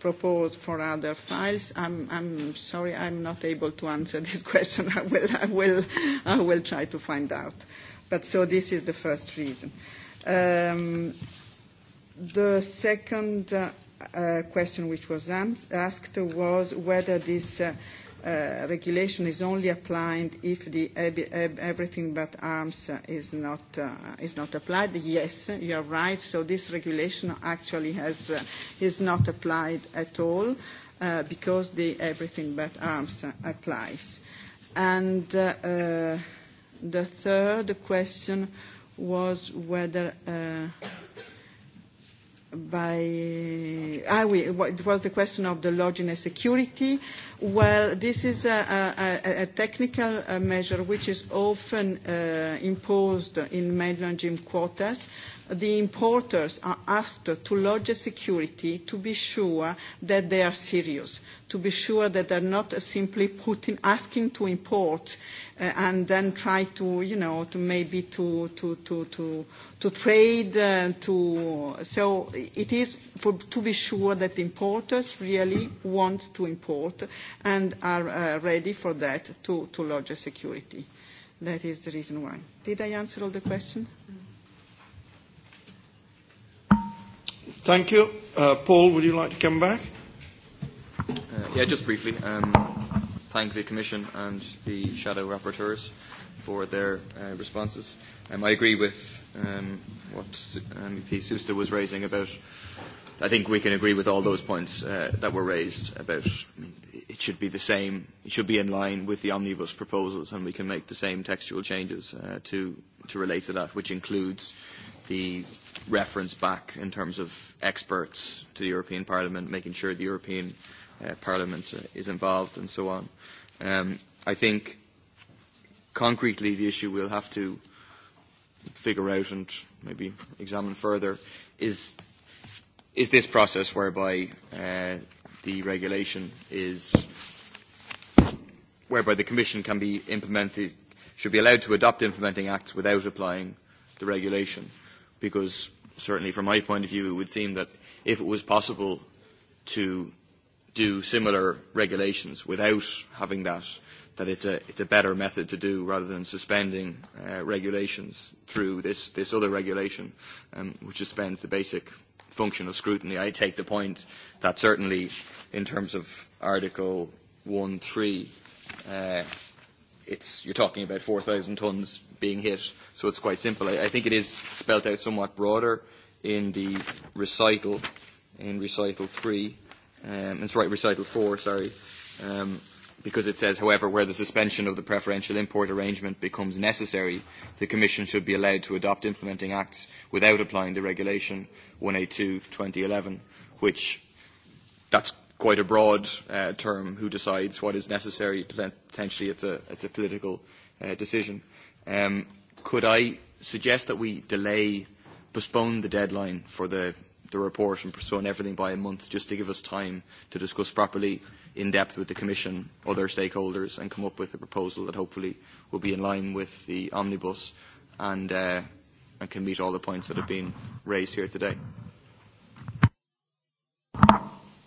proposed for other files, I'm, I'm sorry, I'm not able to answer this question. I will, I will, I will try to find out. But so this is the first reason. Um, the second uh, uh, question which was asked was whether this uh, Uh, regulation is only applied if the everything but arms uh, is not, uh, is not applied. Yes, you are right. So this regulation actually has, uh, is not applied at all uh, because the everything but arms uh, applies. And uh, uh, the third question was whether uh, by ah, it was the question of the lodging and security. Well, this is a, a, a technical uh, measure which is often uh, imposed in mainland gym quotas the importers are asked to lodge a security to be sure that they are serious, to be sure that they're not simply putting, asking to import uh, and then try to, you know, to maybe to, to, to, to, to trade, uh, to, so it is for, to be sure that importers really want to import and are uh, ready for that to, to lodge a security. That is the reason why. Did I answer all the questions? Mm -hmm. Thank you. Uh, Paul, would you like to come back? Uh, yeah, just briefly. Um, thank the Commission and the shadow rapporteurs for their uh, responses. Um, I agree with um, what MEP um, Susta was raising about. I think we can agree with all those points uh, that were raised about. I mean, it should be the same. It should be in line with the omnibus proposals, and we can make the same textual changes uh, to to relate to that, which includes the reference back in terms of experts to the European Parliament, making sure the European uh, Parliament uh, is involved and so on. Um, I think concretely the issue we'll have to figure out and maybe examine further is, is this process whereby uh, the regulation is whereby the Commission can be implemented, should be allowed to adopt implementing acts without applying the regulation because certainly from my point of view, it would seem that if it was possible to do similar regulations without having that, that it's a, it's a better method to do rather than suspending uh, regulations through this, this other regulation, um, which suspends the basic function of scrutiny. I take the point that certainly in terms of Article 1.3, uh, it's, you're talking about 4,000 tonnes being hit So it's quite simple. I, I think it is spelt out somewhat broader in the recital, in recital three, um, sorry, recital four. sorry, um, because it says, however, where the suspension of the preferential import arrangement becomes necessary, the Commission should be allowed to adopt implementing acts without applying the regulation 182-2011, which that's quite a broad uh, term, who decides what is necessary, potentially it's a, it's a political uh, decision. Um, could I suggest that we delay, postpone the deadline for the, the report and postpone everything by a month just to give us time to discuss properly in depth with the Commission, other stakeholders, and come up with a proposal that hopefully will be in line with the omnibus and, uh, and can meet all the points that have been raised here today.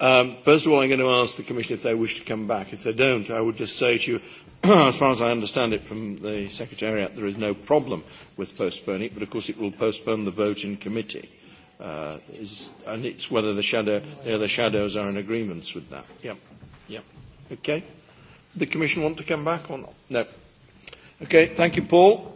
Um, first of all, I'm going to ask the Commission if they wish to come back. If they don't, I would just say to you, as far as I understand it from the Secretariat, there is no problem with postponing it, but of course it will postpone the vote in committee. Uh, is, and it's whether the, shadow, the other shadows are in agreement with that. Yep. Yep. Okay. The Commission want to come back or not? No. Okay. Thank you, Paul.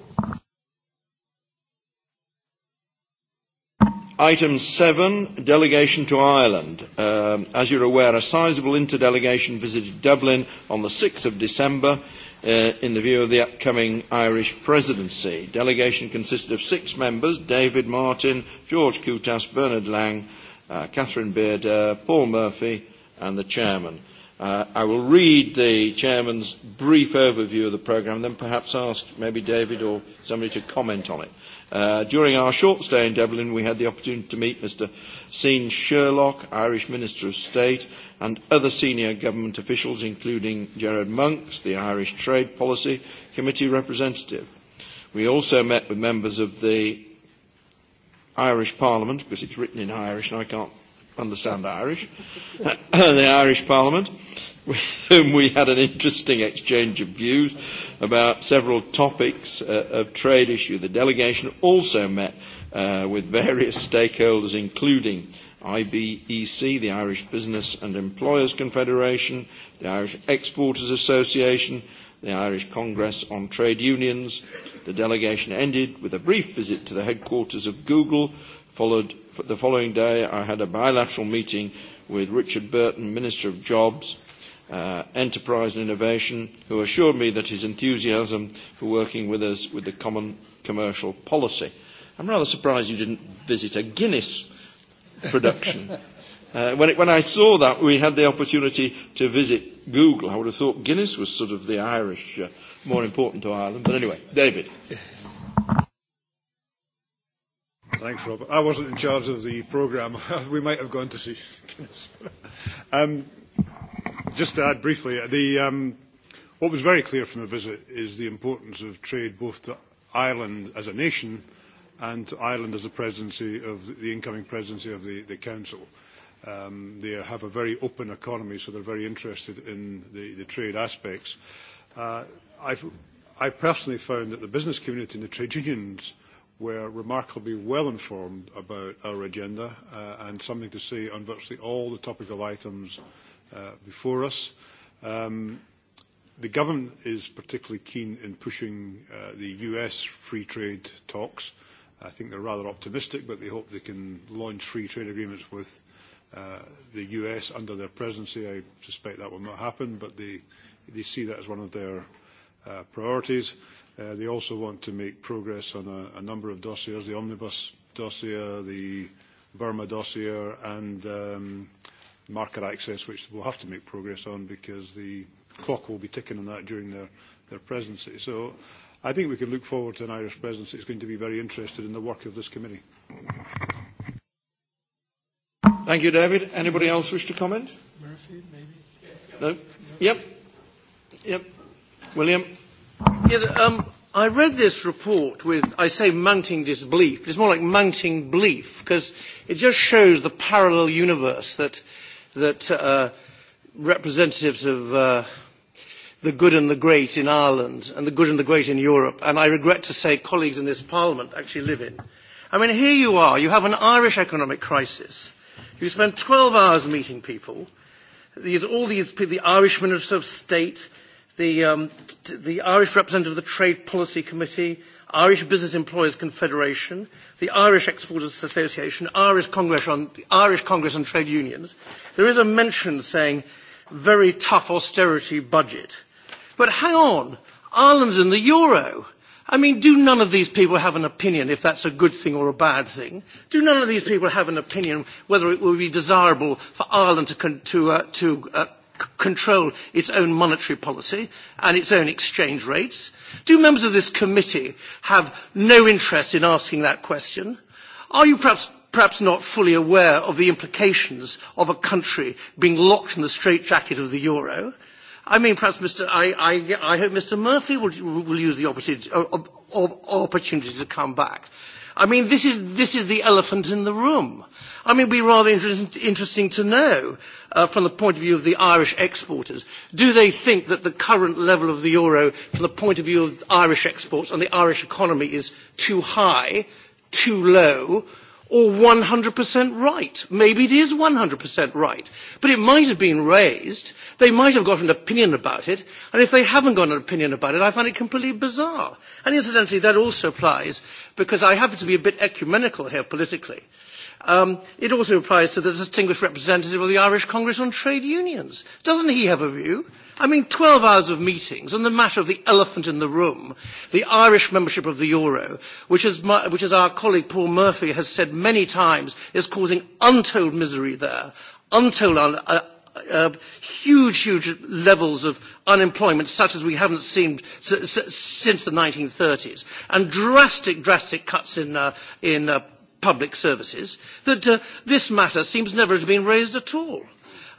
Item 7, delegation to Ireland. Um, as you're aware, a sizable interdelegation visited Dublin on the 6th of December uh, in the view of the upcoming Irish presidency. Delegation consisted of six members, David Martin, George Kutas, Bernard Lang, uh, Catherine Beard, uh, Paul Murphy, and the chairman. Uh, I will read the chairman's brief overview of the programme, then perhaps ask maybe David or somebody to comment on it. Uh, during our short stay in Dublin, we had the opportunity to meet Mr. Sean Sherlock, Irish Minister of State, and other senior government officials, including Gerard Monks, the Irish Trade Policy Committee representative. We also met with members of the Irish Parliament, because it's written in Irish and I can't understand Irish, the Irish Parliament, with whom we had an interesting exchange of views about several topics uh, of trade issue. The delegation also met uh, with various stakeholders, including IBEC, the Irish Business and Employers Confederation, the Irish Exporters Association, the Irish Congress on Trade Unions. The delegation ended with a brief visit to the headquarters of Google, Followed, the following day, I had a bilateral meeting with Richard Burton, Minister of Jobs, uh, Enterprise and Innovation, who assured me that his enthusiasm for working with us with the common commercial policy. I'm rather surprised you didn't visit a Guinness production. uh, when, it, when I saw that, we had the opportunity to visit Google. I would have thought Guinness was sort of the Irish, uh, more important to Ireland. But anyway, David. Thanks, Rob. I wasn't in charge of the programme. we might have gone to see. um, just to add briefly, the, um, what was very clear from the visit is the importance of trade both to Ireland as a nation and to Ireland as a presidency of the incoming presidency of the, the Council. Um, they have a very open economy, so they're very interested in the, the trade aspects. Uh, I've, I personally found that the business community and the trade unions were remarkably well informed about our agenda uh, and something to say on virtually all the topical items uh, before us. Um, the government is particularly keen in pushing uh, the US free trade talks. I think they're rather optimistic, but they hope they can launch free trade agreements with uh, the US under their presidency. I suspect that will not happen, but they, they see that as one of their uh, priorities. Uh, they also want to make progress on a, a number of dossiers, the omnibus dossier, the Burma dossier, and um, market access, which we'll have to make progress on because the clock will be ticking on that during their, their presidency. So I think we can look forward to an Irish presidency that's going to be very interested in the work of this committee. Thank you, David. Anybody else wish to comment? Murphy, maybe? no? Yep. Yep. William? Yes, um, I read this report with, I say mounting disbelief, but it's more like mounting belief, because it just shows the parallel universe that, that uh, representatives of uh, the good and the great in Ireland and the good and the great in Europe, and I regret to say colleagues in this parliament actually live in. I mean, here you are, you have an Irish economic crisis. You spend 12 hours meeting people. These all these, the Irish Minister of State, the, um, the Irish representative of the Trade Policy Committee, Irish Business Employers Confederation, the Irish Exporters Association, Irish Congress on, Irish Congress on Trade Unions. There is a mention saying very tough austerity budget. But hang on, Ireland's in the euro. I mean, do none of these people have an opinion if that's a good thing or a bad thing? Do none of these people have an opinion whether it will be desirable for Ireland to, to, uh, to uh, control its own monetary policy and its own exchange rates? Do members of this committee have no interest in asking that question? Are you perhaps, perhaps not fully aware of the implications of a country being locked in the straitjacket of the euro? I mean, perhaps Mr. I, I, I hope Mr. Murphy will, will use the opportunity, uh, opportunity to come back. I mean, this is, this is the elephant in the room. I mean, it would be rather inter- interesting to know uh, from the point of view of the Irish exporters. Do they think that the current level of the euro from the point of view of Irish exports and the Irish economy is too high, too low, or 100% right. Maybe it is 100% right. But it might have been raised. They might have got an opinion about it. And if they haven't got an opinion about it, I find it completely bizarre. And incidentally, that also applies, because I happen to be a bit ecumenical here politically. Um, it also applies to the distinguished representative of the Irish Congress on trade unions. Doesn't he have a view? I mean, 12 hours of meetings on the matter of the elephant in the room, the Irish membership of the euro, which, is which as our colleague Paul Murphy has said many times, is causing untold misery there, untold uh, uh, uh huge, huge levels of unemployment such as we haven't seen since the 1930s, and drastic, drastic cuts in, uh, in uh, public services, that uh, this matter seems never to have been raised at all.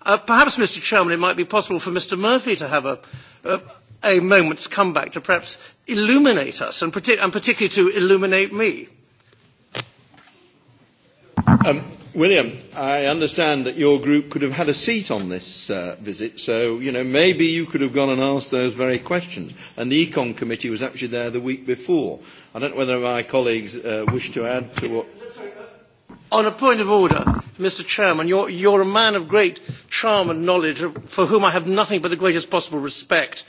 Uh, perhaps, Mr Chairman, it might be possible for Mr Murphy to have a, a, a moment's comeback to perhaps illuminate us, and, partic and particularly to illuminate me. Um, William, I understand that your group could have had a seat on this uh, visit, so you know maybe you could have gone and asked those very questions. And the Econ Committee was actually there the week before. I don't know whether my colleagues uh, wish to add to what. Sorry, On a point of order, Mr. Chairman, you're, you're a man of great charm and knowledge, for whom I have nothing but the greatest possible respect.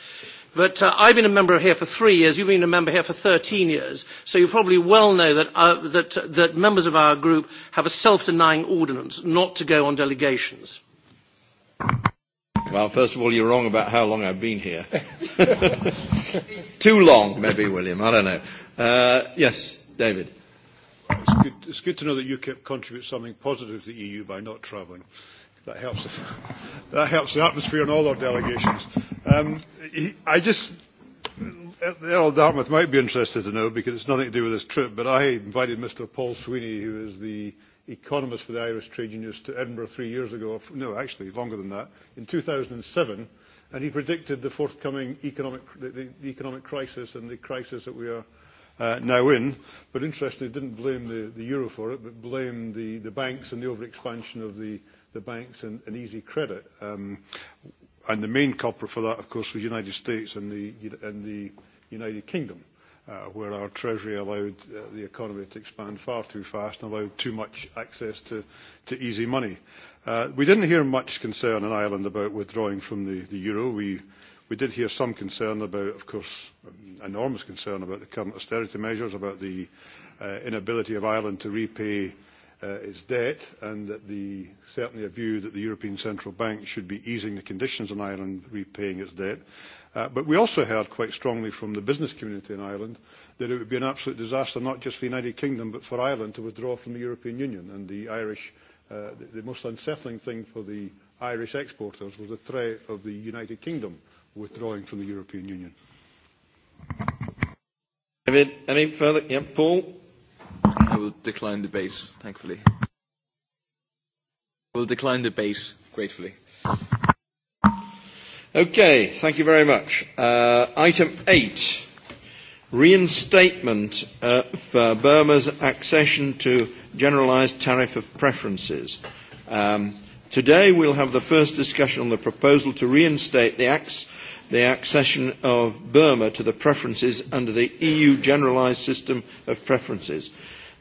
But uh, I've been a member here for three years, you've been a member here for 13 years, so you probably well know that, uh, that, uh, that members of our group have a self-denying ordinance not to go on delegations. Well, first of all, you're wrong about how long I've been here. Too long, maybe, William, I don't know. Uh, yes, David. It's good, it's good to know that UKIP contributes something positive to the EU by not travelling. That helps us. That helps the atmosphere in all our delegations. Um, I just the Earl of Dartmouth might be interested to know because it's nothing to do with this trip, but I invited Mr Paul Sweeney, who is the economist for the Irish trade unions, to Edinburgh three years ago, no, actually longer than that, in 2007, and he predicted the forthcoming economic, the, the economic crisis and the crisis that we are uh, now in. But interestingly, didn't blame the, the euro for it, but blamed the, the banks and the overexpansion of the, the banks and, and easy credit. Um, and the main culprit for that, of course, was the United States and the, and the United Kingdom. Uh, where our Treasury allowed uh, the economy to expand far too fast and allowed too much access to, to easy money. Uh, we didn't hear much concern in Ireland about withdrawing from the, the euro. We We did hear some concern about, of course, um, enormous concern about the current austerity measures, about the uh, inability of Ireland to repay uh, its debt, and that the, certainly a view that the European Central Bank should be easing the conditions on Ireland repaying its debt. Uh, but we also heard quite strongly from the business community in Ireland that it would be an absolute disaster, not just for the United Kingdom, but for Ireland to withdraw from the European Union. And the Irish, uh, the, the most unsettling thing for the Irish exporters was the threat of the United Kingdom withdrawing from the European Union. David, any further? Yeah, Paul? I will decline debate, thankfully. I will decline debate, gratefully. Okay, thank you very much. Uh, item 8, reinstatement uh, for Burma's accession to generalised tariff of preferences. Um, Today we'll have the first discussion on the proposal to reinstate the, acts, the accession of Burma to the preferences under the EU Generalised System of Preferences.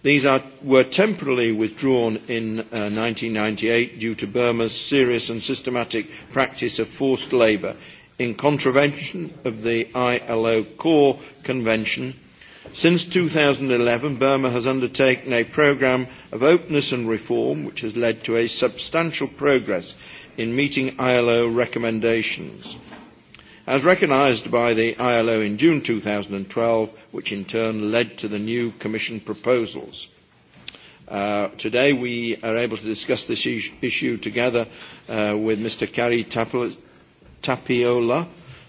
These are, were temporarily withdrawn in uh, 1998 due to Burma's serious and systematic practice of forced labour in contravention of the ILO Core Convention Since 2011, Burma has undertaken a programme of openness and reform, which has led to a substantial progress in meeting ILO recommendations. As recognised by the ILO in June 2012, which in turn led to the new Commission proposals. Uh, today we are able to discuss this issue together uh, with Mr. Kari Tapiola,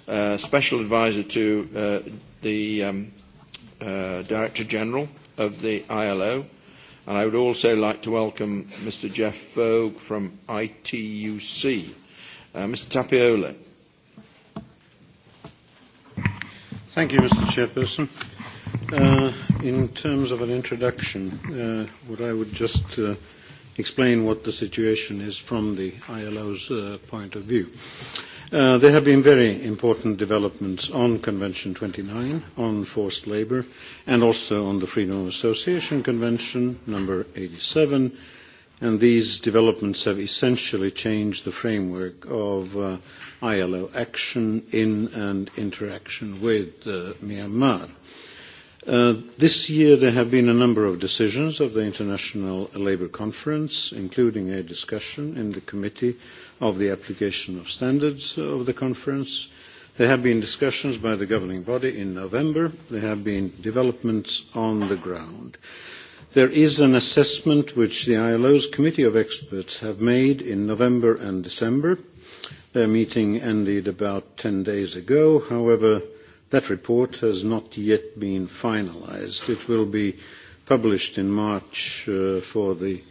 uh, Special Advisor to uh, the um, Uh, Director General of the ILO. And I would also like to welcome Mr. Jeff Vogue from ITUC. Uh, Mr. Tapiola. Thank you, Mr. Chairperson. Uh, in terms of an introduction, uh, what I would just uh, explain what the situation is from the ILO's uh, point of view. Uh, Uh, there have been very important developments on Convention 29 on forced labour and also on the Freedom of Association Convention number 87 and these developments have essentially changed the framework of uh, ILO action in and interaction with uh, Myanmar. this year there have been a number of decisions of the International Labour Conference, including a discussion in the committee of the application of standards of the conference. There have been discussions by the governing body in November. There have been developments on the ground. There is an assessment which the ILO's committee of experts have made in November and December. Their meeting ended about 10 days ago. However, that report has not yet been finalized. It will be published in March uh, for the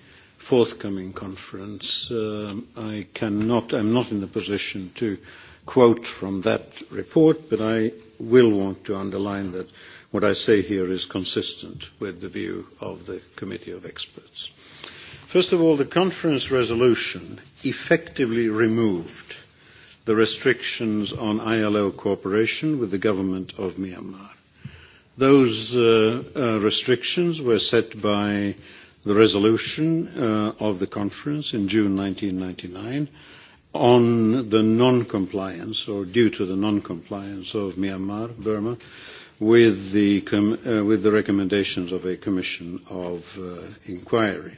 forthcoming conference. Uh, I cannot, I'm not in a position to quote from that report, but I will want to underline that what I say here is consistent with the view of the Committee of Experts. First of all, the conference resolution effectively removed the restrictions on ILO cooperation with the government of Myanmar. Those uh, uh, restrictions were set by the resolution uh, of the conference in June 1999 on the non-compliance or due to the non-compliance of Myanmar, Burma, with the, com uh, with the recommendations of a commission of uh, inquiry.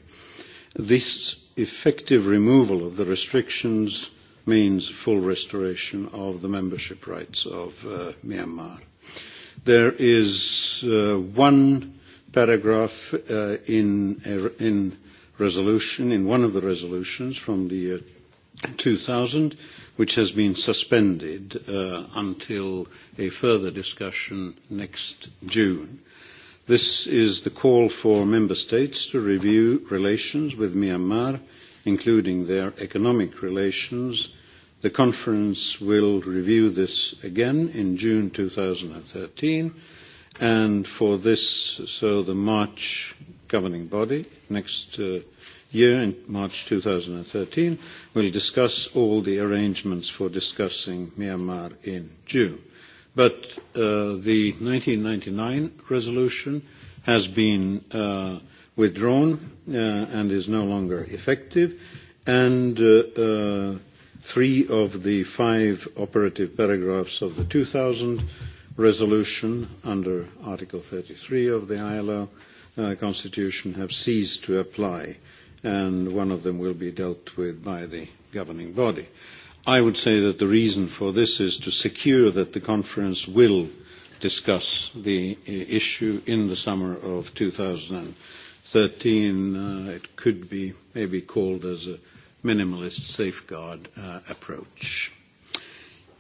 This effective removal of the restrictions means full restoration of the membership rights of uh, Myanmar. There is uh, one paragraph uh, in, a, uh, in resolution, in one of the resolutions from the year 2000, which has been suspended uh, until a further discussion next June. This is the call for member states to review relations with Myanmar, including their economic relations. The conference will review this again in June 2013 And for this, so the March governing body next uh, year in March 2013 will discuss all the arrangements for discussing Myanmar in June. But uh, the 1999 resolution has been uh, withdrawn uh, and is no longer effective. And uh, uh, three of the five operative paragraphs of the 2000 resolution under Article 33 of the ILO uh, Constitution have ceased to apply, and one of them will be dealt with by the governing body. I would say that the reason for this is to secure that the conference will discuss the uh, issue in the summer of 2013. Uh, it could be maybe called as a minimalist safeguard uh, approach.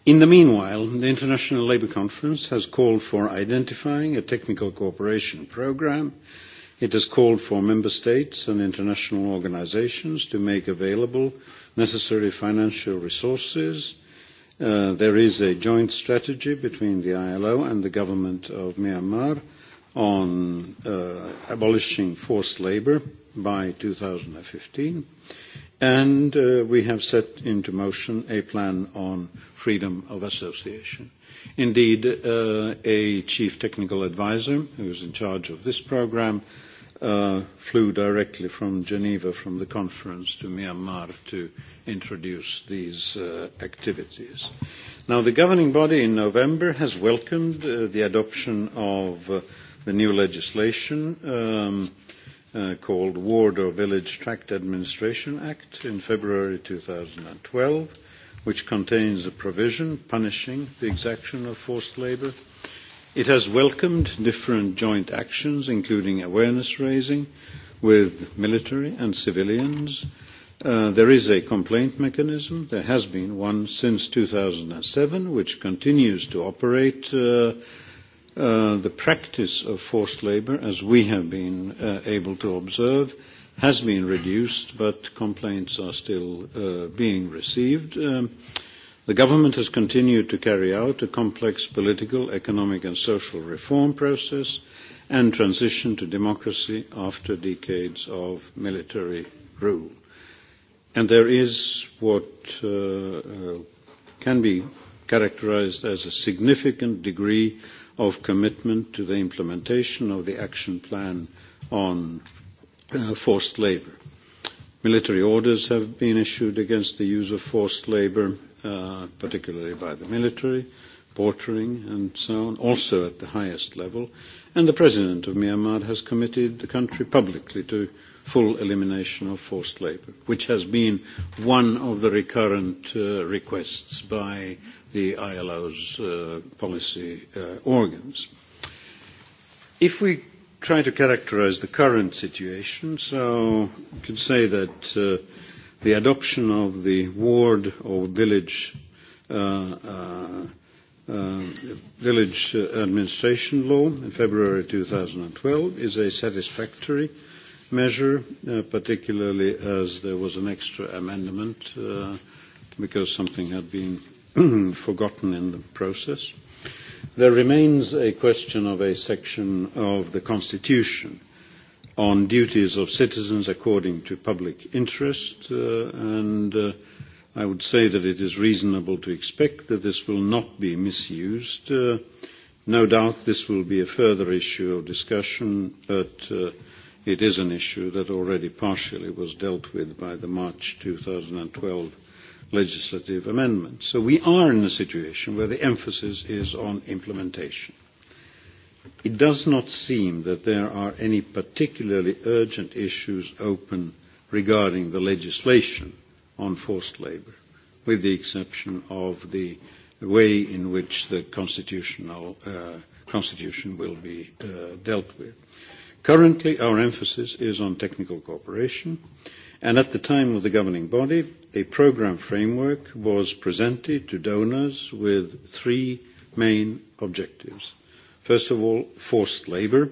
In the meanwhile, the International Labour Conference has called for identifying a technical cooperation programme. It has called for member states and international organisations to make available necessary financial resources. Uh, there is a joint strategy between the ILO and the government of Myanmar on uh, abolishing forced labour by 2015. And uh, we have set into motion a plan on freedom of association. Indeed, uh, a chief technical advisor who is in charge of this program uh, flew directly from Geneva from the conference to Myanmar to introduce these uh, activities. Now, the governing body in November has welcomed uh, the adoption of uh, the new legislation. Um, Uh, called Ward or Village Tract Administration Act in February 2012, which contains a provision punishing the exaction of forced labour. It has welcomed different joint actions, including awareness raising with military and civilians. Uh, there is a complaint mechanism. There has been one since 2007, which continues to operate uh, Uh, the practice of forced labour, as we have been uh, able to observe, has been reduced, but complaints are still uh, being received. Um, the government has continued to carry out a complex political, economic and social reform process and transition to democracy after decades of military rule. And there is what uh, uh, can be characterized as a significant degree of commitment to the implementation of the action plan on uh, forced labour. Military orders have been issued against the use of forced labour, uh, particularly by the military, portering and so on, also at the highest level. And the president of Myanmar has committed the country publicly to full elimination of forced labour, which has been one of the recurrent uh, requests by the ILO's uh, policy uh, organs. If we try to characterise the current situation, so you can say that uh, the adoption of the ward or village Uh, uh, uh village administration law in February 2012 is a satisfactory measure, uh, particularly as there was an extra amendment uh, because something had been forgotten in the process. There remains a question of a section of the Constitution on duties of citizens according to public interest, uh, and uh, I would say that it is reasonable to expect that this will not be misused. Uh, no doubt this will be a further issue of discussion, but uh, It is an issue that already partially was dealt with by the March 2012 legislative amendment. So we are in a situation where the emphasis is on implementation. It does not seem that there are any particularly urgent issues open regarding the legislation on forced labour, with the exception of the way in which the constitutional, uh, constitution will be uh, dealt with. Currently, our emphasis is on technical cooperation, and at the time of the governing body, a program framework was presented to donors with three main objectives. First of all, forced labour,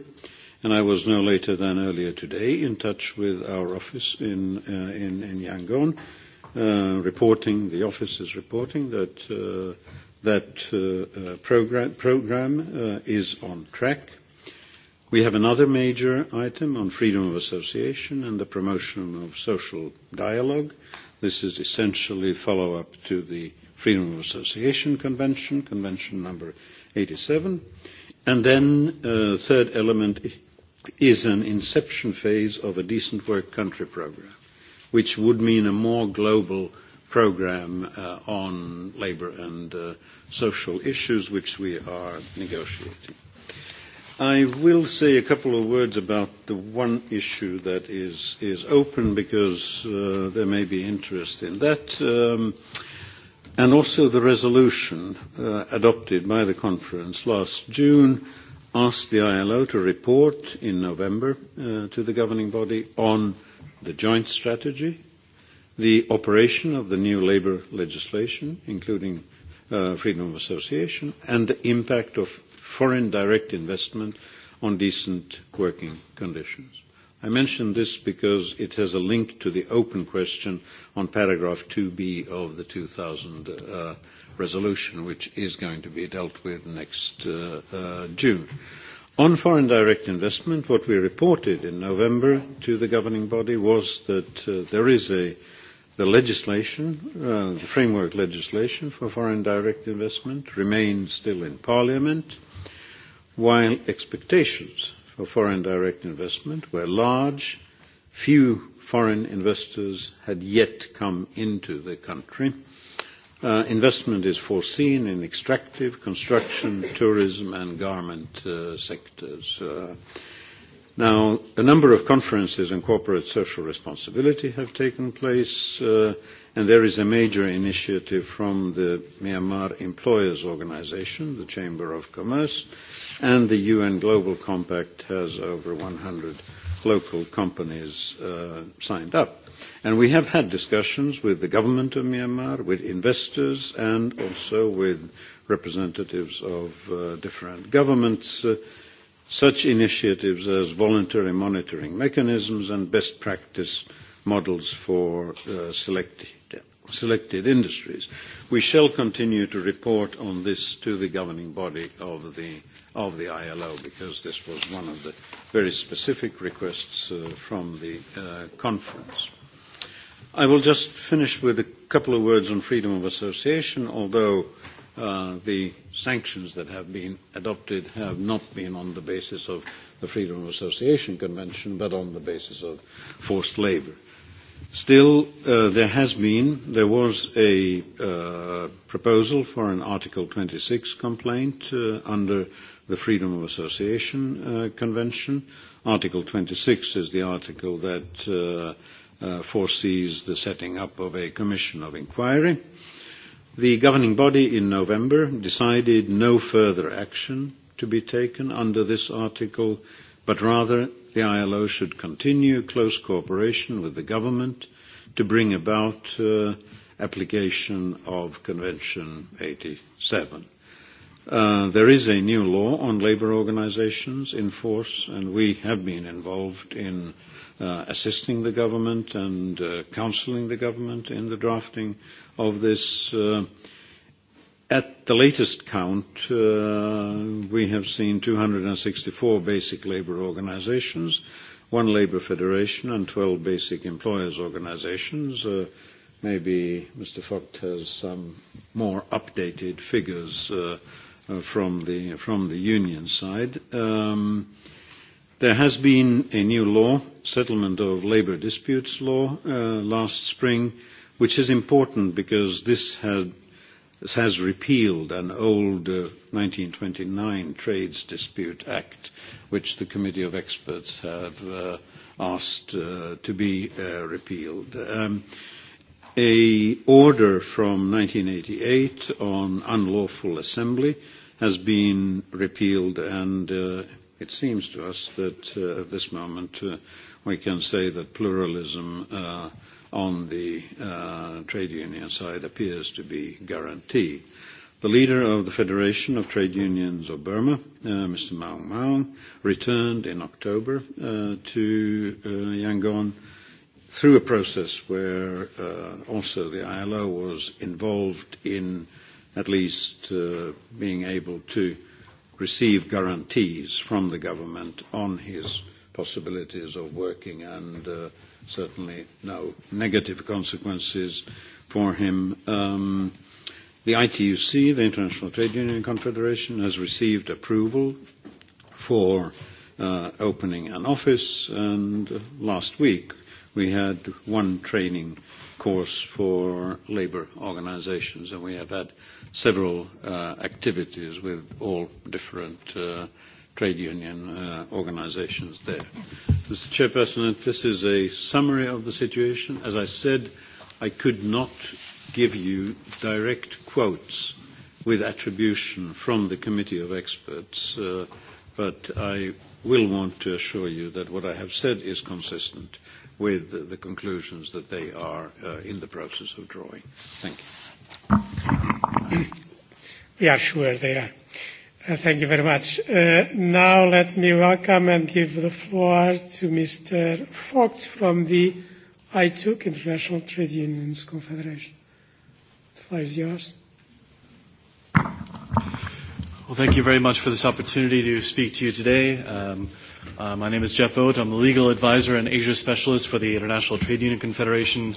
and I was no later than earlier today in touch with our office in, uh, in, in Yangon, uh, reporting, the office is reporting that uh, that uh, uh, program, program, uh, is on track We have another major item on freedom of association and the promotion of social dialogue. This is essentially follow-up to the Freedom of Association Convention, Convention number 87. And then uh, third element is an inception phase of a decent work country program, which would mean a more global program uh, on labor and uh, social issues, which we are negotiating. I will say a couple of words about the one issue that is, is open because uh, there may be interest in that, um, and also the resolution uh, adopted by the conference last June asked the ILO to report in November uh, to the governing body on the joint strategy, the operation of the new labour legislation, including uh, freedom of association, and the impact of foreign direct investment on decent working conditions. I mention this because it has a link to the open question on paragraph 2b of the 2000 uh, resolution, which is going to be dealt with next uh, uh, June. On foreign direct investment, what we reported in November to the governing body was that uh, there is a, the legislation, uh, the framework legislation for foreign direct investment remains still in Parliament while expectations for foreign direct investment were large, few foreign investors had yet come into the country. Uh, investment is foreseen in extractive, construction, tourism, and garment uh, sectors. Uh, now, a number of conferences on corporate social responsibility have taken place. Uh, And there is a major initiative from the Myanmar Employers Organization, the Chamber of Commerce, and the UN Global Compact has over 100 local companies uh, signed up. And we have had discussions with the government of Myanmar, with investors, and also with representatives of uh, different governments, uh, such initiatives as voluntary monitoring mechanisms and best practice models for uh, select selected industries. We shall continue to report on this to the governing body of the, of the ILO because this was one of the very specific requests uh, from the uh, conference. I will just finish with a couple of words on freedom of association, although uh, the sanctions that have been adopted have not been on the basis of the Freedom of Association Convention, but on the basis of forced labour. Still, uh, there has been, there was a uh, proposal for an Article 26 complaint uh, under the Freedom of Association uh, Convention. Article 26 is the article that uh, uh, foresees the setting up of a commission of inquiry. The governing body in November decided no further action to be taken under this article, but rather The ILO should continue close cooperation with the government to bring about uh, application of Convention 87. Uh, there is a new law on labour organisations in force, and we have been involved in uh, assisting the government and uh, counselling the government in the drafting of this uh, At the latest count, uh, we have seen 264 basic labour organisations, one labour federation, and 12 basic employers' organisations. Uh, maybe Mr. Vogt has some more updated figures uh, uh, from the from the union side. Um, there has been a new law, settlement of labour disputes law, uh, last spring, which is important because this had This has repealed an old uh, 1929 Trades Dispute Act, which the Committee of Experts have uh, asked uh, to be uh, repealed. Um, a order from 1988 on unlawful assembly has been repealed, and uh, it seems to us that uh, at this moment uh, we can say that pluralism uh, on the uh, trade union side appears to be guaranteed. The leader of the Federation of Trade Unions of Burma, uh, Mr. Maung Maung, returned in October uh, to uh, Yangon through a process where uh, also the ILO was involved in at least uh, being able to receive guarantees from the government on his possibilities of working and uh, certainly no negative consequences for him. Um, the ITUC, the International Trade Union Confederation, has received approval for uh, opening an office, and last week we had one training course for labor organizations, and we have had several uh, activities with all different uh, trade union uh, organizations there. Mr. Chairperson, this is a summary of the situation. As I said, I could not give you direct quotes with attribution from the Committee of Experts, uh, but I will want to assure you that what I have said is consistent with the conclusions that they are uh, in the process of drawing. Thank you. We are sure they are. Uh, thank you very much. Uh, now let me welcome and give the floor to Mr. Fox from the i International Trade Unions Confederation. The floor is yours. Well, thank you very much for this opportunity to speak to you today. Um, uh, my name is Jeff Oat. I'm a legal advisor and Asia specialist for the International Trade Union Confederation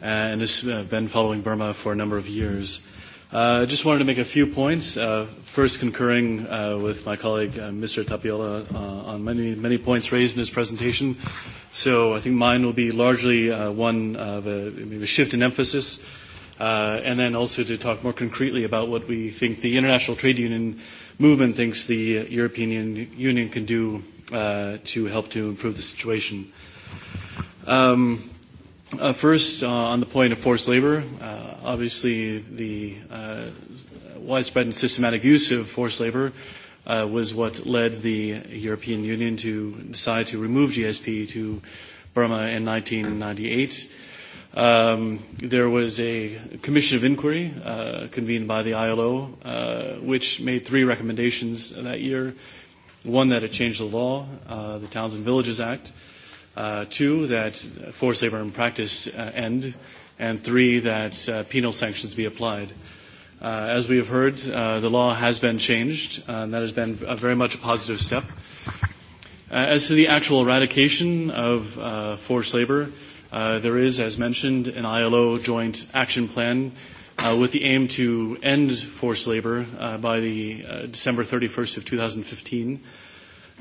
uh, and have uh, been following Burma for a number of years. Uh, I uh, just wanted to make a few points. Uh, first, concurring uh, with my colleague, uh, Mr. Tapiola, uh, on many, many points raised in his presentation. So I think mine will be largely one of a, maybe a shift in emphasis, and then also to talk more concretely about what we think the international trade union movement thinks the European Union can do to help to improve the situation. Um, Uh, first, uh, on the point of forced labor, uh, obviously the uh, widespread and systematic use of forced labor uh, was what led the European Union to decide to remove GSP to Burma in 1998. Um, there was a commission of inquiry uh, convened by the ILO, uh, which made three recommendations that year. One, that it changed the law, uh, the Towns and Villages Act, uh, Uh, two, that forced labor and practice uh, end, and three, that uh, penal sanctions be applied. Uh, as we have heard, uh, the law has been changed, and that has been a very much a positive step. Uh, as to the actual eradication of forced labor, there is, as mentioned, an ILO joint action plan with the aim to end forced labor by the December 31st of 2015.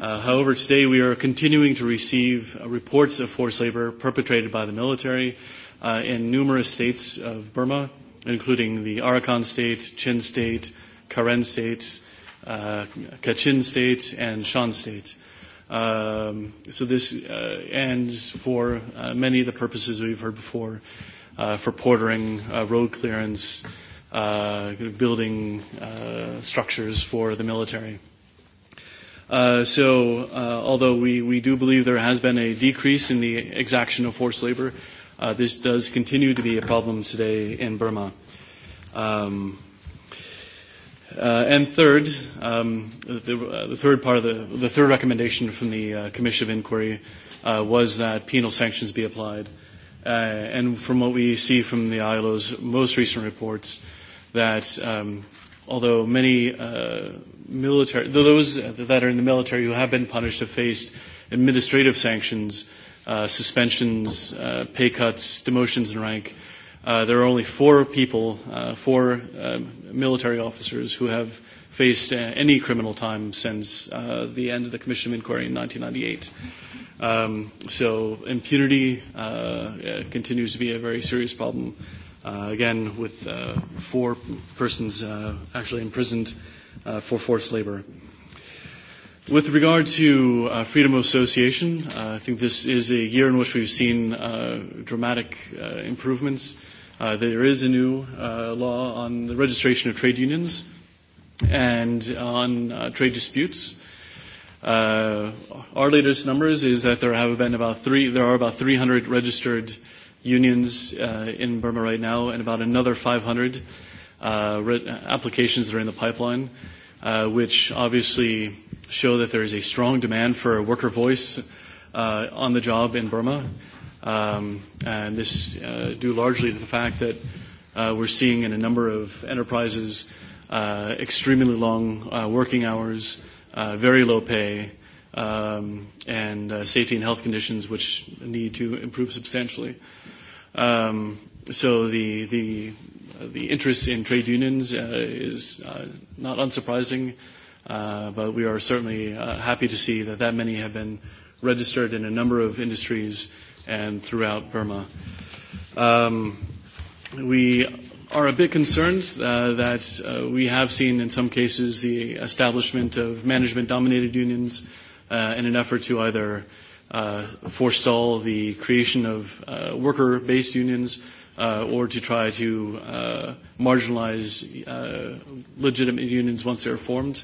Uh, however, today we are continuing to receive uh, reports of forced labor perpetrated by the military uh, in numerous states of Burma, including the Arakan State, Chin State, Karen State, uh, Kachin State, and Shan State. Um, so this uh, ends for uh, many of the purposes we've heard before, uh, for portering, uh, road clearance, uh, building uh, structures for the military. Uh, so uh, although we, we do believe there has been a decrease in the exaction of forced labor, uh, this does continue to be a problem today in Burma. Um, uh, and third, um, the, uh, the third part of the, the third recommendation from the uh, Commission of Inquiry uh, was that penal sanctions be applied. Uh, and from what we see from the ILO's most recent reports, that um, although many uh, military, those uh, that are in the military who have been punished have faced administrative sanctions, uh, suspensions, uh, pay cuts, demotions in rank. Uh, there are only four people, uh, four uh, military officers who have faced uh, any criminal time since uh, the end of the Commission of Inquiry in 1998. Um, so impunity uh, uh, continues to be a very serious problem. Uh, again, with uh, four persons uh, actually imprisoned uh, for forced labor. With regard to uh, freedom of association, uh, I think this is a year in which we've seen uh, dramatic uh, improvements. Uh, there is a new uh, law on the registration of trade unions and on uh, trade disputes. Uh, our latest numbers is that there have been about three, there are about 300 registered unions uh, in Burma right now, and about another 500 uh, re- applications that are in the pipeline, uh, which obviously show that there is a strong demand for a worker voice uh, on the job in Burma. Um, and this uh, due largely to the fact that uh, we're seeing in a number of enterprises Uh, extremely long uh, working hours, uh, very low pay, um, and uh, safety and health conditions which need to improve substantially. Um, so the the the interest in trade unions uh, is uh, not unsurprising, uh, but we are certainly uh, happy to see that that many have been registered in a number of industries and throughout Burma. Um, we are a bit concerned uh, that uh, we have seen in some cases the establishment of management-dominated unions uh, in an effort to either uh, forestall the creation of uh, worker-based unions uh, or to try to uh, marginalize uh, legitimate unions once they are formed.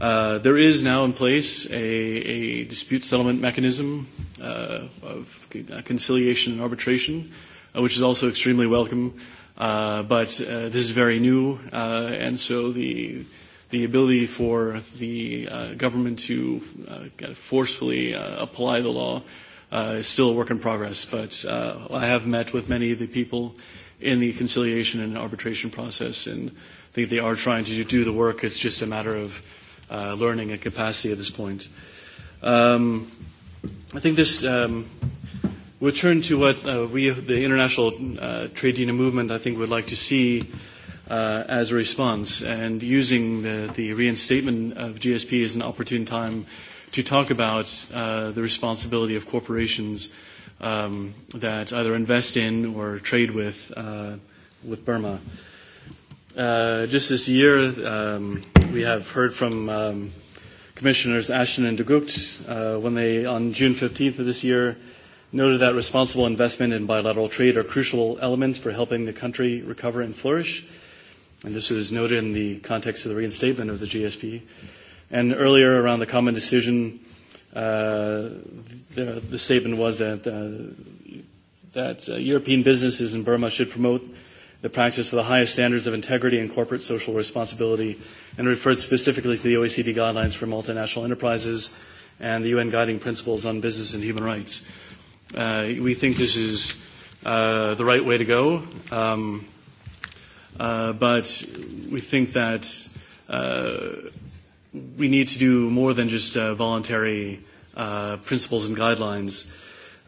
Uh, there is now in place a, a dispute settlement mechanism uh, of uh, conciliation and arbitration, uh, which is also extremely welcome. Uh, but uh, this is very new, uh, and so the the ability for the uh, government to uh, forcefully uh, apply the law uh, is still a work in progress. But uh, I have met with many of the people in the conciliation and arbitration process, and I think they are trying to do the work. It's just a matter of uh, learning and capacity at this point. Um, I think this. Um, We'll turn to what uh, we, the international uh, trade union movement, I think would like to see uh, as a response. And using the, the reinstatement of GSP is an opportune time to talk about uh, the responsibility of corporations um, that either invest in or trade with, uh, with Burma. Uh, just this year, um, we have heard from um, Commissioners Ashton and de Gucht uh, when they, on June 15th of this year, noted that responsible investment and bilateral trade are crucial elements for helping the country recover and flourish. And this was noted in the context of the reinstatement of the GSP. And earlier around the common decision, uh, the, the statement was that, uh, that uh, European businesses in Burma should promote the practice of the highest standards of integrity and corporate social responsibility, and referred specifically to the OECD guidelines for multinational enterprises and the UN guiding principles on business and human rights. Uh, we think this is uh, the right way to go, um, uh, but we think that uh, we need to do more than just uh, voluntary uh, principles and guidelines.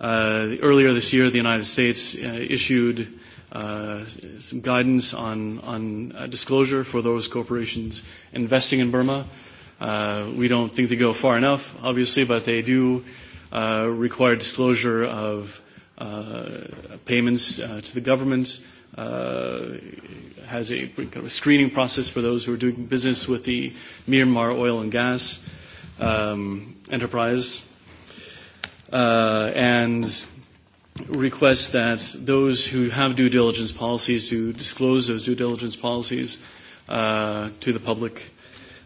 Uh, earlier this year, the United States uh, issued uh, some guidance on, on uh, disclosure for those corporations investing in Burma. Uh, we don't think they go far enough, obviously, but they do Uh, require disclosure of uh, payments uh, to the government, uh, has a kind of a screening process for those who are doing business with the Myanmar oil and gas um, enterprise, uh, and requests that those who have due diligence policies to disclose those due diligence policies uh, to the public.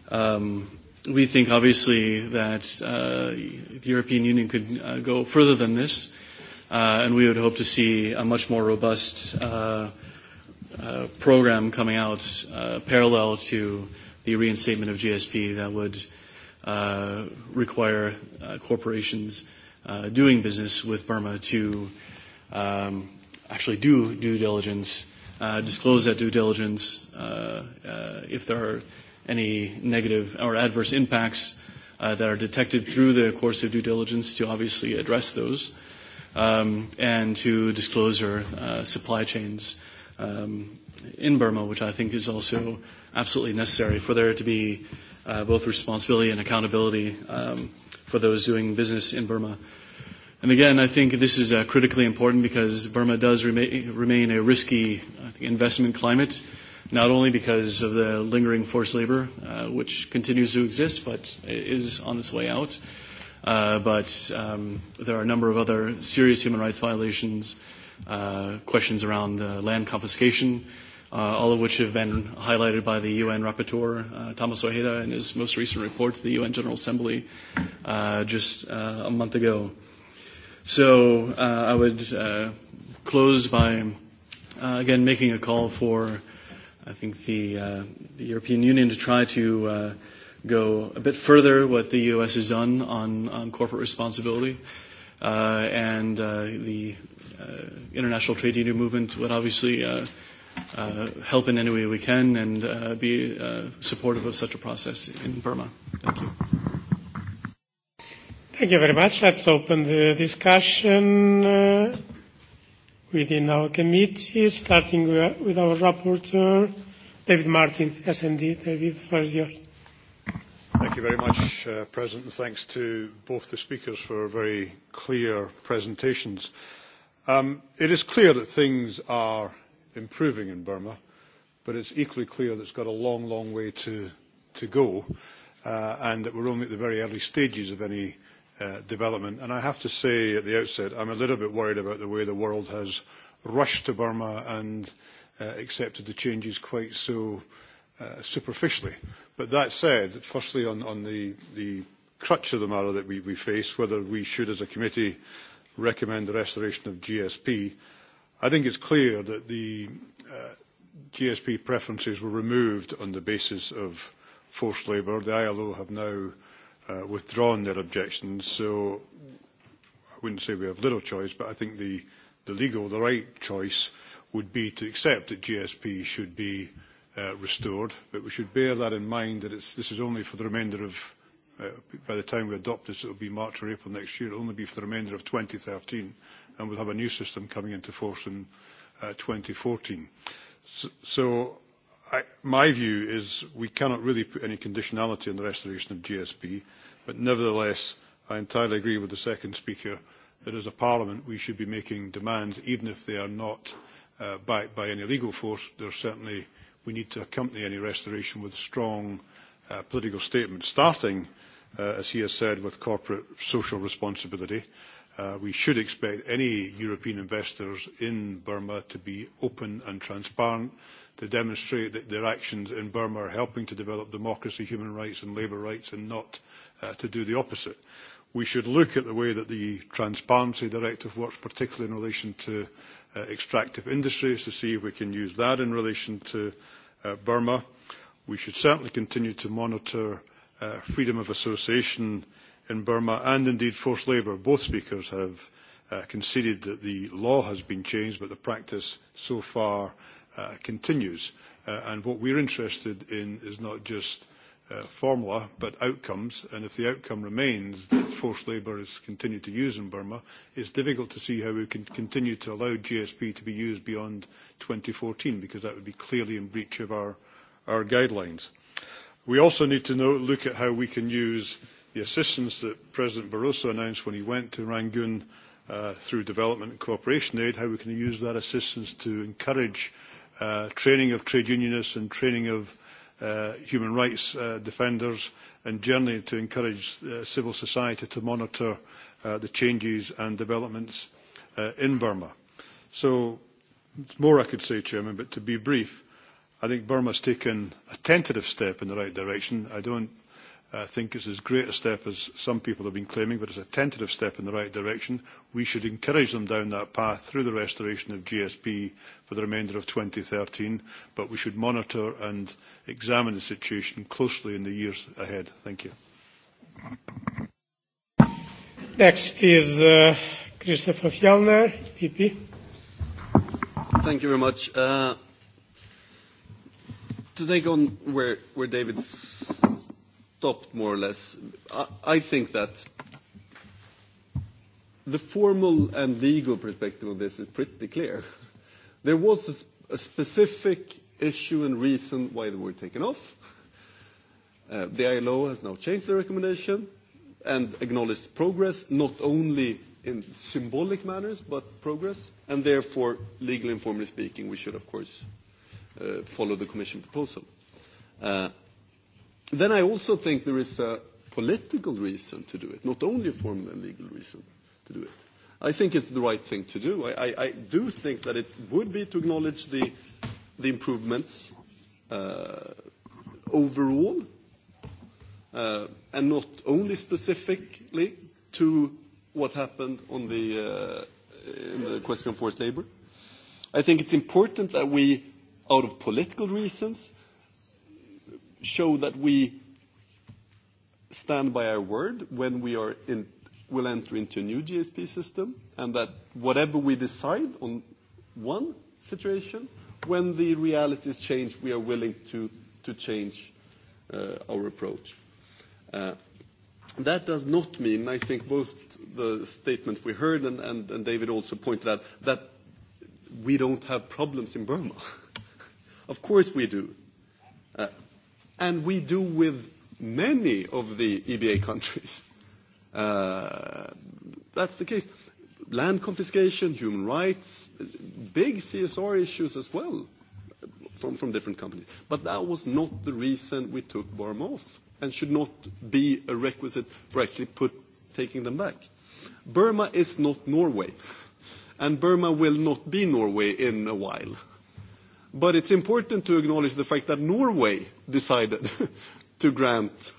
Um, we think obviously that uh, the European Union could uh, go further than this, uh, and we would hope to see a much more robust uh, uh, program coming out uh, parallel to the reinstatement of GSP that would uh, require uh, corporations uh, doing business with Burma to um, actually do due diligence, uh, disclose that due diligence uh, uh, if there are any negative or adverse impacts uh, that are detected through the course of due diligence to obviously address those um, and to disclose our uh, supply chains um, in Burma, which I think is also absolutely necessary for there to be uh, both responsibility and accountability um, for those doing business in Burma. And again, I think this is uh, critically important because Burma does remain a risky uh, investment climate not only because of the lingering forced labor, uh, which continues to exist but is on its way out, uh, but um, there are a number of other serious human rights violations, uh, questions around uh, land confiscation, uh, all of which have been highlighted by the UN rapporteur, uh, Thomas Ojeda, in his most recent report to the UN General Assembly uh, just uh, a month ago. So uh, I would uh, close by, uh, again, making a call for I think the, uh, the European Union to try to uh, go a bit further what the U.S. has done on, on corporate responsibility. Uh, and uh, the uh, international trade union movement would obviously uh, uh, help in any way we can and uh, be uh, supportive of such a process in Burma. Thank you. Thank you very much. Let's open the discussion. Uh within our committee, starting with our rapporteur, David Martin, SND. David, is yours. Thank you very much, uh, President, and thanks to both the speakers for very clear presentations. Um, it is clear that things are improving in Burma, but it's equally clear that it's got a long, long way to, to go, uh, and that we're only at the very early stages of any Uh, development. And I have to say at the outset, I'm a little bit worried about the way the world has rushed to Burma and uh, accepted the changes quite so uh, superficially. But that said, firstly, on, the, crux of the matter that we, face, whether we should as a committee recommend the restoration of GSP, I think it's clear that the GSP preferences were removed on the basis of forced labour. The ILO have now uh, withdrawn their objections. So I wouldn't say we have little choice, but I think the, the legal, the right choice would be to accept that GSP should be uh, restored, but we should bear that in mind that it's, this is only for the remainder of, uh, by the time we adopt this, it will be March or April next year, it will only be for the remainder of 2013, and we'll have a new system coming into force in uh, 2014. So, so I, my view is we cannot really put any conditionality on the restoration of GSP, but nevertheless, I entirely agree with the second speaker that as a parliament we should be making demands, even if they are not uh, backed by any legal force. There certainly we need to accompany any restoration with strong uh, political statements, starting, uh, as he has said, with corporate social responsibility. Uh, we should expect any European investors in Burma to be open and transparent, to demonstrate that their actions in Burma are helping to develop democracy, human rights and labour rights and not uh, to do the opposite. We should look at the way that the Transparency Directive works, particularly in relation to uh, extractive industries, to see if we can use that in relation to uh, Burma. We should certainly continue to monitor uh, freedom of association uh, in Burma and indeed forced labour. Both speakers have uh, conceded that the law has been changed, but the practice so far uh, continues. Uh, and what we're interested in is not just uh, formula, but outcomes. And if the outcome remains that forced labour is continued to use in Burma, it's difficult to see how we can continue to allow GSP to be used beyond 2014, because that would be clearly in breach of our, our guidelines. We also need to know, look at how we can use uh, the assistance that President Barroso announced when he went to Rangoon uh, through development and cooperation aid, how we can use that assistance to encourage uh, training of trade unionists and training of uh, human rights uh, defenders and generally to encourage uh, civil society to monitor uh, the changes and developments uh, in Burma. So more I could say, Chairman, but to be brief, I think Burma has taken a tentative step in the right direction. I don't I think it's as great a step as some people have been claiming, but it's a tentative step in the right direction. We should encourage them down that path through the restoration of GSP for the remainder of 2013, but we should monitor and examine the situation closely in the years ahead. Thank you. Next is uh, Christopher Fjellner, PP. Thank you very much. Uh, to take on where, where David's stopped more or less. I, I think that the formal and legal perspective of this is pretty clear. There was a, a specific issue and reason why they were taken off. Uh, the ILO has now changed the recommendation and acknowledged progress, not only in symbolic manners, but progress, and therefore, legally and formally speaking, we should, of course, uh, follow the Commission proposal. Uh, Then I also think there is a political reason to do it, not only a formal and legal reason to do it. I think it's the right thing to do. I, I, I do think that it would be to acknowledge the, the improvements uh, overall uh, and not only specifically to what happened on the, uh, in the question of forced labour. I think it's important that we, out of political reasons, show that we stand by our word when we are in, will enter into a new GSP system, and that whatever we decide on one situation, when the realities change, we are willing to, to change uh, our approach. Uh, that does not mean, I think both the statement we heard and, and, David also pointed out, that we don't have problems in Burma. of course we do. Uh, and we do with many of the EBA countries. Uh, that's the case. Land confiscation, human rights, big CSR issues as well from, from different companies. But that was not the reason we took Burma off and should not be a requisite for actually put, taking them back. Burma is not Norway, and Burma will not be Norway in a while. But it's important to acknowledge the fact that Norway decided to grant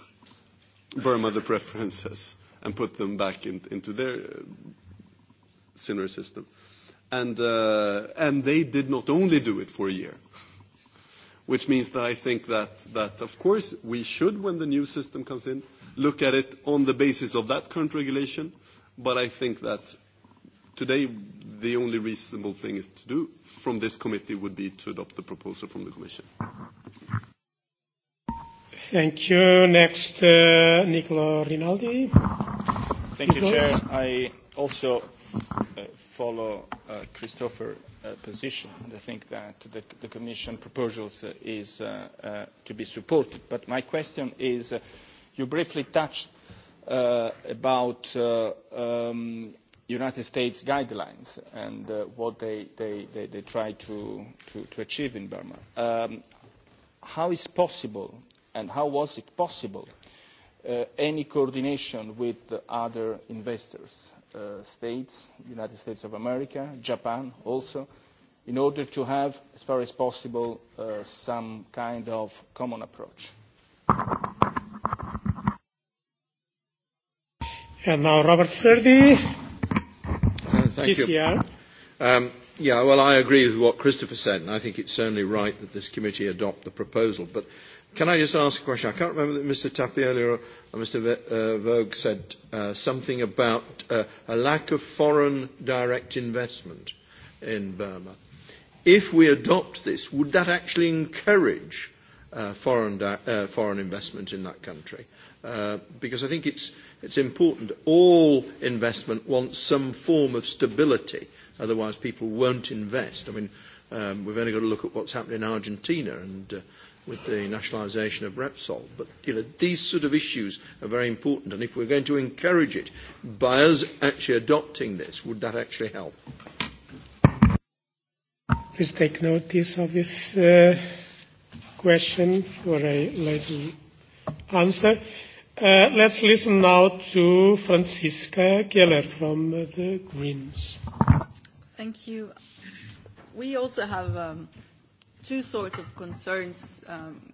Burma the preferences and put them back in, into their uh, similar system. And, uh, and they did not only do it for a year, which means that I think that, that, of course, we should, when the new system comes in, look at it on the basis of that current regulation, but I think that today the only reasonable thing is to do from this committee would be to adopt the proposal from the Commission. Thank you. Next, uh, Nicola Rinaldi. Thank you, Chair. I also uh, follow uh, Christopher's uh, position. I think that the, the Commission proposals uh, is uh, uh, to be supported. But my question is, uh, you briefly touched uh, about uh, um, United States guidelines and uh, what they, they, they, they try to, to, to, achieve in Burma. Um, how is possible and how was it possible uh, any coordination with other investors, uh, states, United States of America, Japan also, in order to have, as far as possible, uh, some kind of common approach? And now Robert Serdi Thank you. Um, yeah, well, I agree with what Christopher said, and I think it's certainly right that this committee adopt the proposal. But can I just ask a question? I can't remember that Mr. Tapi or Mr. Vogue said uh, something about uh, a lack of foreign direct investment in Burma. If we adopt this, would that actually encourage uh, foreign, uh, foreign investment in that country? Uh, because I think it's, it's important. All investment wants some form of stability, otherwise people won't invest. I mean, um, we've only got to look at what's happened in Argentina and uh, with the nationalisation of Repsol. But you know, these sort of issues are very important, and if we're going to encourage it by us actually adopting this, would that actually help? Please take notice of this uh, question for a later answer. Uh, let's listen now to Franziska Keller from the Greens. Thank you. We also have um, two sorts of concerns, um,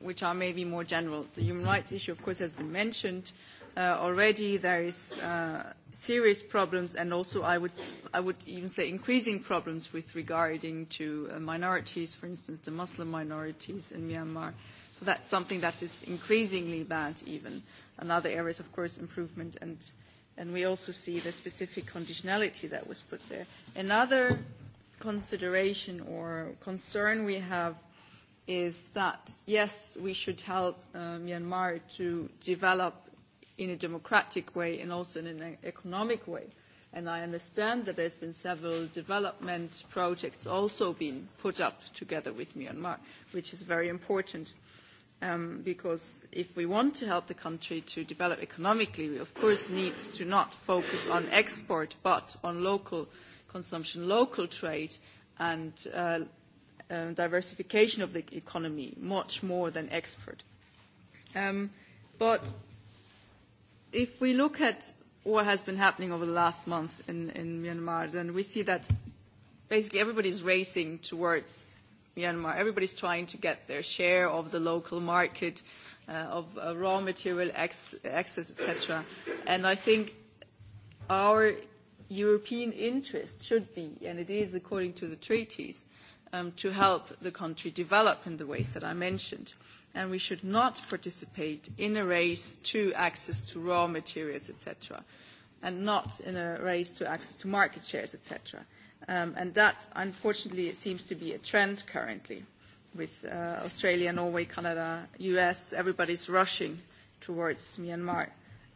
which are maybe more general. The human rights issue, of course, has been mentioned uh, already. There is uh, serious problems, and also I would, I would even say increasing problems with regarding to uh, minorities, for instance, the Muslim minorities in Myanmar. Uh, So that's something that is increasingly bad even. Another area is, of course, improvement, and, and we also see the specific conditionality that was put there. Another consideration or concern we have is that, yes, we should help uh, Myanmar to develop in a democratic way and also in an economic way. And I understand that there's been several development projects also being put up together with Myanmar, which is very important um, because if we want to help the country to develop economically, we of course need to not focus on export, but on local consumption, local trade, and uh, uh, diversification of the economy, much more than export. Um, but if we look at what has been happening over the last month in, in Myanmar, then we see that basically everybody is racing towards Myanmar. Everybody's trying to get their share of the local market, uh, of uh, raw material ex access, etc. And I think our European interest should be, and it is according to the treaties, um, to help the country develop in the ways that I mentioned. And we should not participate in a race to access to raw materials, etc., and not in a race to access to market shares, etc. Um, and that, unfortunately, it seems to be a trend currently with uh, Australia, Norway, Canada, US, everybody's rushing towards Myanmar.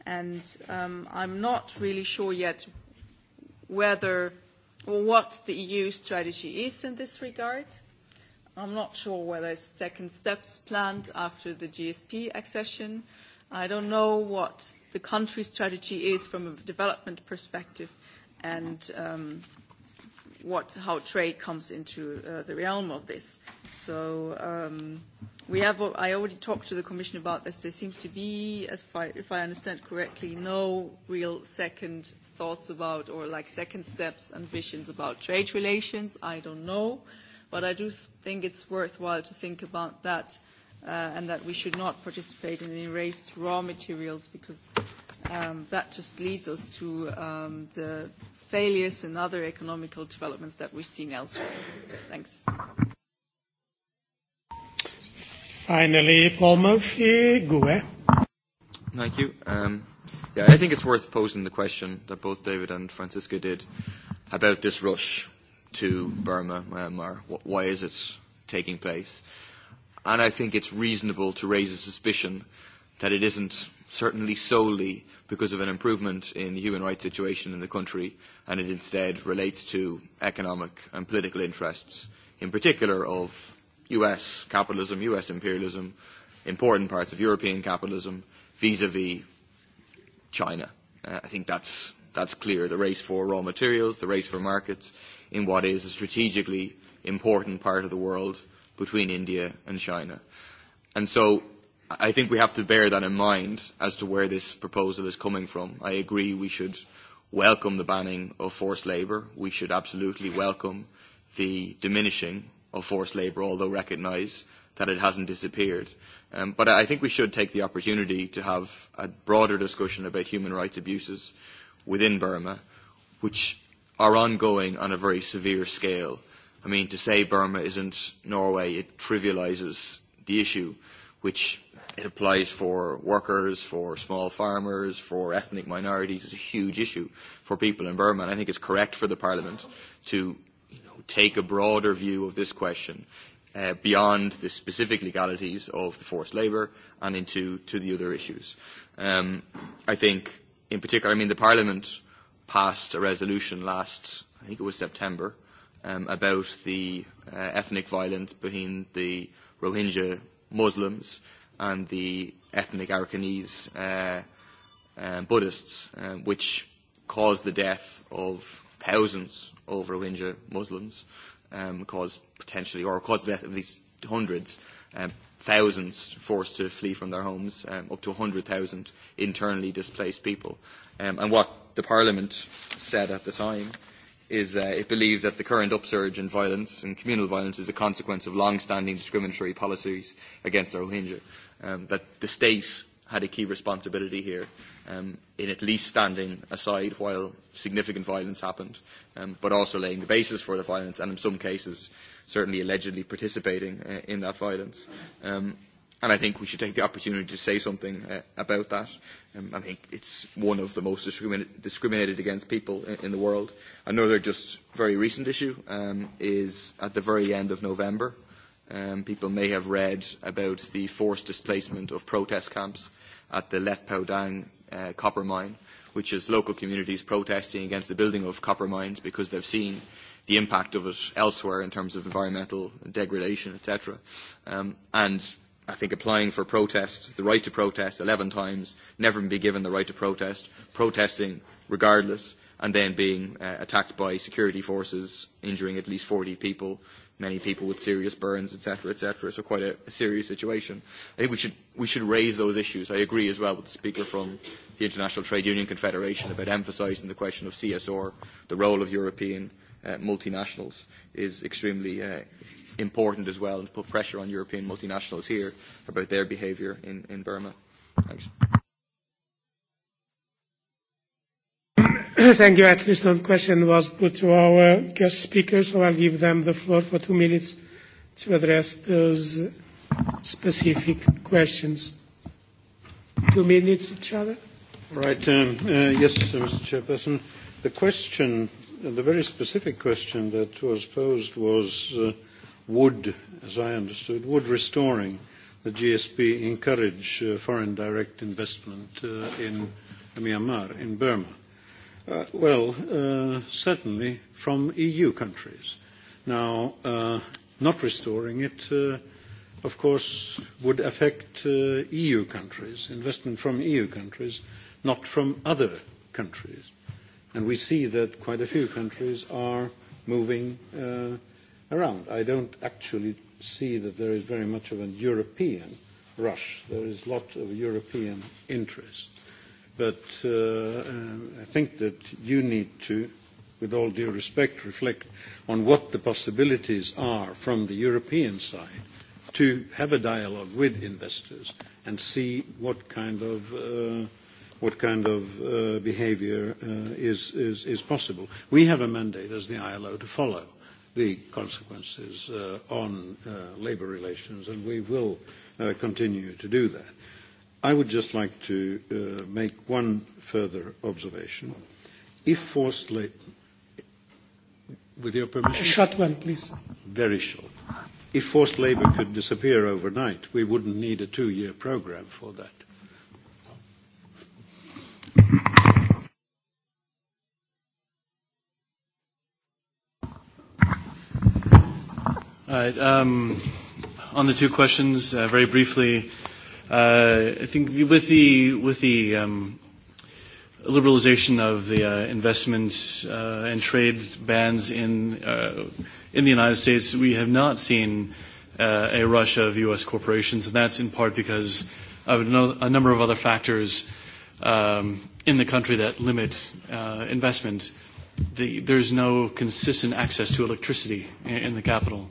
And um, I'm not really sure yet whether or what the EU strategy is in this regard. I'm not sure whether it's second steps planned after the GSP accession. I don't know what the country strategy is from a development perspective. And um, what, how trade comes into uh, the realm of this. So um, we have, I already talked to the Commission about this. There seems to be, as far, if I understand correctly, no real second thoughts about or like second steps ambitions about trade relations. I don't know. But I do think it's worthwhile to think about that uh, and that we should not participate in erased raw materials because um, that just leads us to um, the failures in other economical developments that we've seen elsewhere. Thanks. Finally, Paul Murphy, GUE. Thank you. Um, yeah, I think it's worth posing the question that both David and Francisco did about this rush to Burma, Myanmar. Why is it taking place? And I think it's reasonable to raise a suspicion that it isn't certainly solely because of an improvement in the human rights situation in the country, and it instead relates to economic and political interests, in particular of US capitalism, US imperialism, important parts of European capitalism, vis-à-vis -vis China. Uh, I think that's, that's clear, the race for raw materials, the race for markets, in what is a strategically important part of the world between India and China. And so I think we have to bear that in mind as to where this proposal is coming from. I agree we should welcome the banning of forced labour. We should absolutely welcome the diminishing of forced labour, although recognise that it hasn't disappeared. Um, but I think we should take the opportunity to have a broader discussion about human rights abuses within Burma, which are ongoing on a very severe scale. I mean, to say Burma isn't Norway, it trivialises the issue, which It applies for workers, for small farmers, for ethnic minorities. It's a huge issue for people in Burma, and I think it's correct for the Parliament to you know, take a broader view of this question uh, beyond the specific legalities of the forced labour and into to the other issues. Um, I think, in particular, I mean, the Parliament passed a resolution last, I think it was September, um, about the uh, ethnic violence between the Rohingya Muslims and the ethnic Arakanese uh, um, Buddhists, um, which caused the death of thousands of Rohingya Muslims, um, caused potentially, or caused the death of at least hundreds, um, thousands forced to flee from their homes, um, up to 100,000 internally displaced people. Um, and what the Parliament said at the time is uh, it believed that the current upsurge in violence and communal violence is a consequence of long-standing discriminatory policies against the Rohingya um, that the state had a key responsibility here um, in at least standing aside while significant violence happened, um, but also laying the basis for the violence and in some cases certainly allegedly participating uh, in that violence. Um, and I think we should take the opportunity to say something uh, about that. Um, I think it's one of the most discriminated against people in, in the world. Another just very recent issue um, is at the very end of November, Um, people may have read about the forced displacement of protest camps at the Letpo Dang uh, copper mine, which is local communities protesting against the building of copper mines because they've seen the impact of it elsewhere in terms of environmental degradation, etc. Um, and I think applying for protest, the right to protest 11 times, never been given the right to protest, protesting regardless, and then being uh, attacked by security forces, injuring at least 40 people, many people with serious burns, etc., etc. So quite a, a serious situation. I think we should, we should raise those issues. I agree as well with the speaker from the International Trade Union Confederation about emphasising the question of CSR, the role of European uh, multinationals is extremely uh, important as well, and to put pressure on European multinationals here about their behaviour in, in Burma. Thanks. Thank you. At least one question was put to our guest speaker, so I'll give them the floor for two minutes to address those specific questions. Two minutes each other. Right. Um, uh, yes, Mr. Chairperson. The question, the very specific question that was posed was, uh, would, as I understood, would restoring the GSP encourage uh, foreign direct investment uh, in Myanmar, in Burma? Uh, well, uh, certainly from EU countries. Now, uh, not restoring it, uh, of course, would affect uh, EU countries, investment from EU countries, not from other countries. And we see that quite a few countries are moving uh, around. I don't actually see that there is very much of a European rush. There is a lot of European interest. But uh, uh, I think that you need to, with all due respect, reflect on what the possibilities are from the European side to have a dialogue with investors and see what kind of uh, what kind of uh, behaviour uh, is, is, is possible. We have a mandate as the ILO to follow the consequences uh, on uh, labour relations, and we will uh, continue to do that. I would just like to uh, make one further observation. If forced labour with your permission. A short one, please. Very short. If forced labour could disappear overnight, we wouldn't need a two-year programme for that. All right. Um, on the two questions, uh, very briefly, Uh, I think with the with the um, liberalization of the uh, investment uh, and trade bans in uh, in the United States, we have not seen uh, a rush of U.S. corporations, and that's in part because of a number of other factors um, in the country that limit uh, investment. The, there's no consistent access to electricity in, in the capital.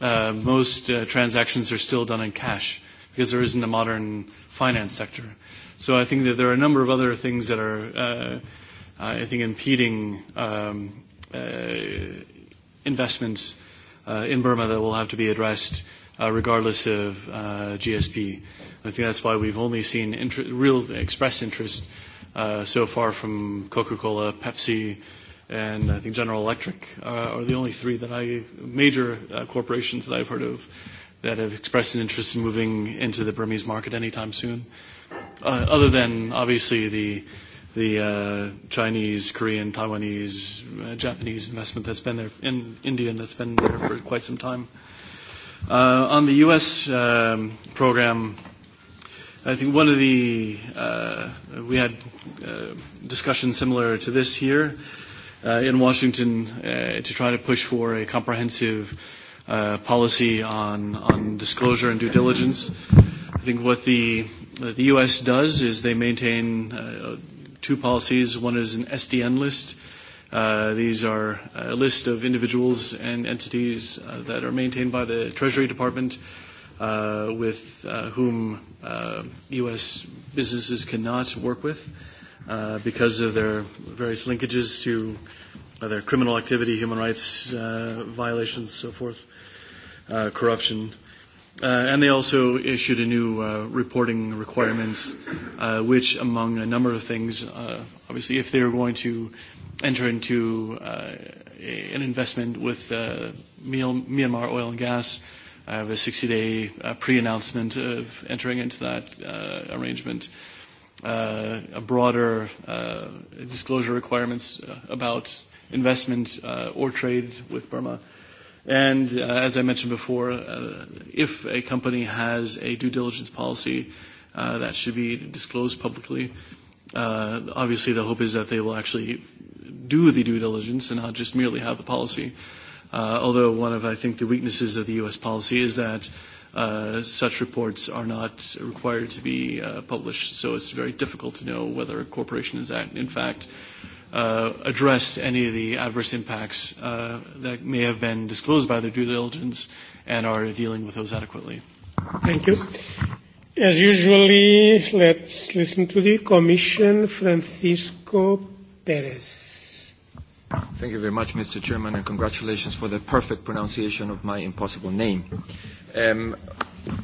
Uh, most uh, transactions are still done in cash because there isn't a modern finance sector. So I think that there are a number of other things that are, uh, I think, impeding um, uh, investments uh, in Burma that will have to be addressed uh, regardless of uh, GSP. I think that's why we've only seen inter- real express interest uh, so far from Coca-Cola, Pepsi, and I think General Electric uh, are the only three that I major uh, corporations that I've heard of that have expressed an interest in moving into the Burmese market anytime soon, uh, other than obviously the the uh, Chinese, Korean, Taiwanese, uh, Japanese investment that's been there in Indian that's been there for quite some time. Uh, on the U.S. Um, program, I think one of the uh, we had uh, discussions similar to this here uh, in Washington uh, to try to push for a comprehensive Uh, policy on, on disclosure and due diligence. I think what the, uh, the U.S. does is they maintain uh, two policies. One is an SDN list. Uh, these are a list of individuals and entities uh, that are maintained by the Treasury Department uh, with uh, whom uh, U.S. businesses cannot work with uh, because of their various linkages to uh, their criminal activity, human rights uh, violations, so forth uh, corruption. Uh, and they also issued a new uh, reporting requirements, uh, which, among a number of things, uh, obviously, if they were going to enter into uh, a, an investment with uh, Myanmar Oil and Gas, I have a 60-day uh, pre-announcement of entering into that uh, arrangement. Uh, a broader uh, disclosure requirements uh, about investment uh, or trade with Burma. And uh, as I mentioned before, uh, if a company has a due diligence policy, uh, that should be disclosed publicly. Uh, obviously, the hope is that they will actually do the due diligence and not just merely have the policy. Uh, although one of, I think, the weaknesses of the U.S. policy is that uh, such reports are not required to be uh, published. So it's very difficult to know whether a corporation is, at. in fact, uh, addressed any of the adverse impacts uh, that may have been disclosed by their due diligence and are dealing with those adequately. Thank you. As usually, let's listen to the Commission, Francisco Perez. Thank you very much, Mr. Chairman, and congratulations for the perfect pronunciation of my impossible name. Um,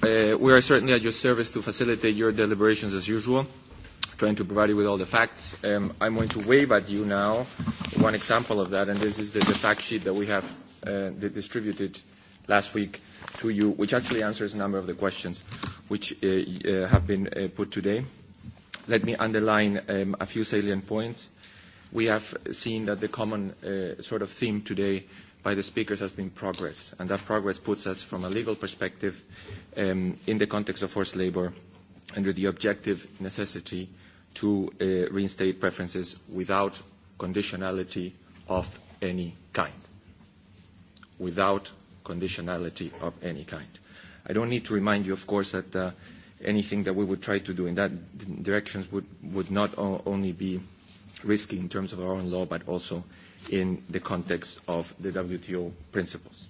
uh, we are certainly at your service to facilitate your deliberations as usual trying to provide you with all the facts. Um, I'm going to wave at you now one example of that, and this is the, the fact sheet that we have uh, distributed last week to you, which actually answers a number of the questions which uh, uh, have been uh, put today. Let me underline um, a few salient points. We have seen that the common uh, sort of theme today by the speakers has been progress, and that progress puts us from a legal perspective um, in the context of forced labor under the objective necessity to uh, reinstate preferences without conditionality of any kind. Without conditionality of any kind. I don't need to remind you, of course, that uh, anything that we would try to do in that direction would, would not only be risky in terms of our own law, but also in the context of the WTO principles.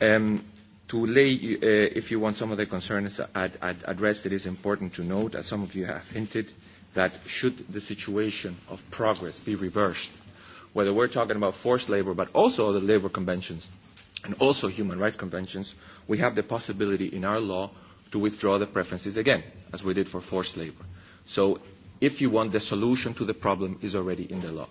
Um, to lay, uh, if you want, some of the concerns at, at, at rest, it is important to note, as some of you have hinted, that should the situation of progress be reversed, whether we're talking about forced labor, but also the labor conventions and also human rights conventions, we have the possibility in our law to withdraw the preferences again, as we did for forced labor. So if you want, the solution to the problem is already in the law.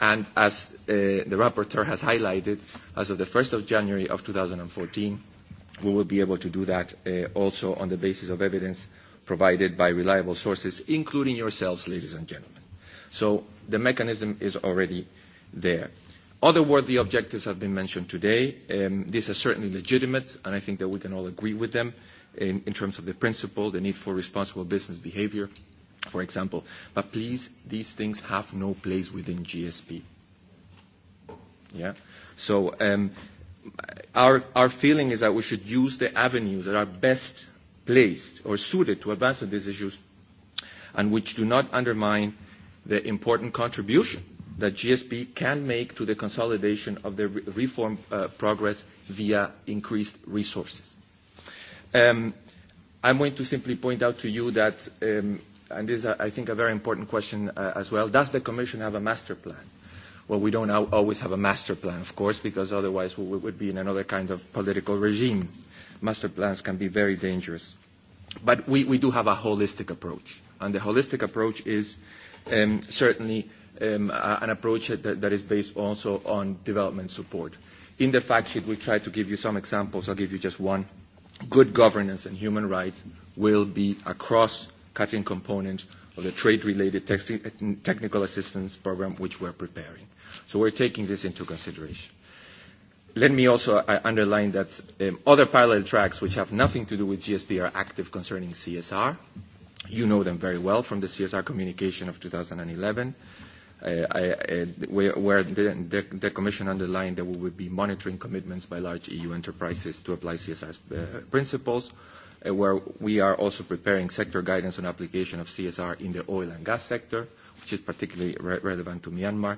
And as uh, the rapporteur has highlighted, as of the 1st of January of 2014, we will be able to do that uh, also on the basis of evidence provided by reliable sources, including yourselves, ladies and gentlemen. So the mechanism is already there. Other worthy objectives have been mentioned today. Um, these are certainly legitimate, and I think that we can all agree with them in, in terms of the principle, the need for responsible business behavior, for example. But please, these things have no place within GSP. Yeah? So um, our, our feeling is that we should use the avenues that are best placed or suited to advance on these issues and which do not undermine the important contribution that GSP can make to the consolidation of the reform uh, progress via increased resources. Um, I'm going to simply point out to you that, um, and this is, I think, a very important question uh, as well, does the Commission have a master plan? Well, we don't always have a master plan, of course, because otherwise we would be in another kind of political regime master plans can be very dangerous. But we, we do have a holistic approach, and the holistic approach is um, certainly um, uh, an approach that, that is based also on development support. In the fact sheet, we try to give you some examples. I'll give you just one. Good governance and human rights will be a cross-cutting component of the trade-related te technical assistance program which we're preparing. So we're taking this into consideration. Let me also uh, underline that um, other parallel tracks which have nothing to do with GSP are active concerning CSR. You know them very well from the CSR communication of 2011, uh, I, uh, where the, the, the Commission underlined that we would be monitoring commitments by large EU enterprises to apply CSR uh, principles, uh, where we are also preparing sector guidance on application of CSR in the oil and gas sector, which is particularly re relevant to Myanmar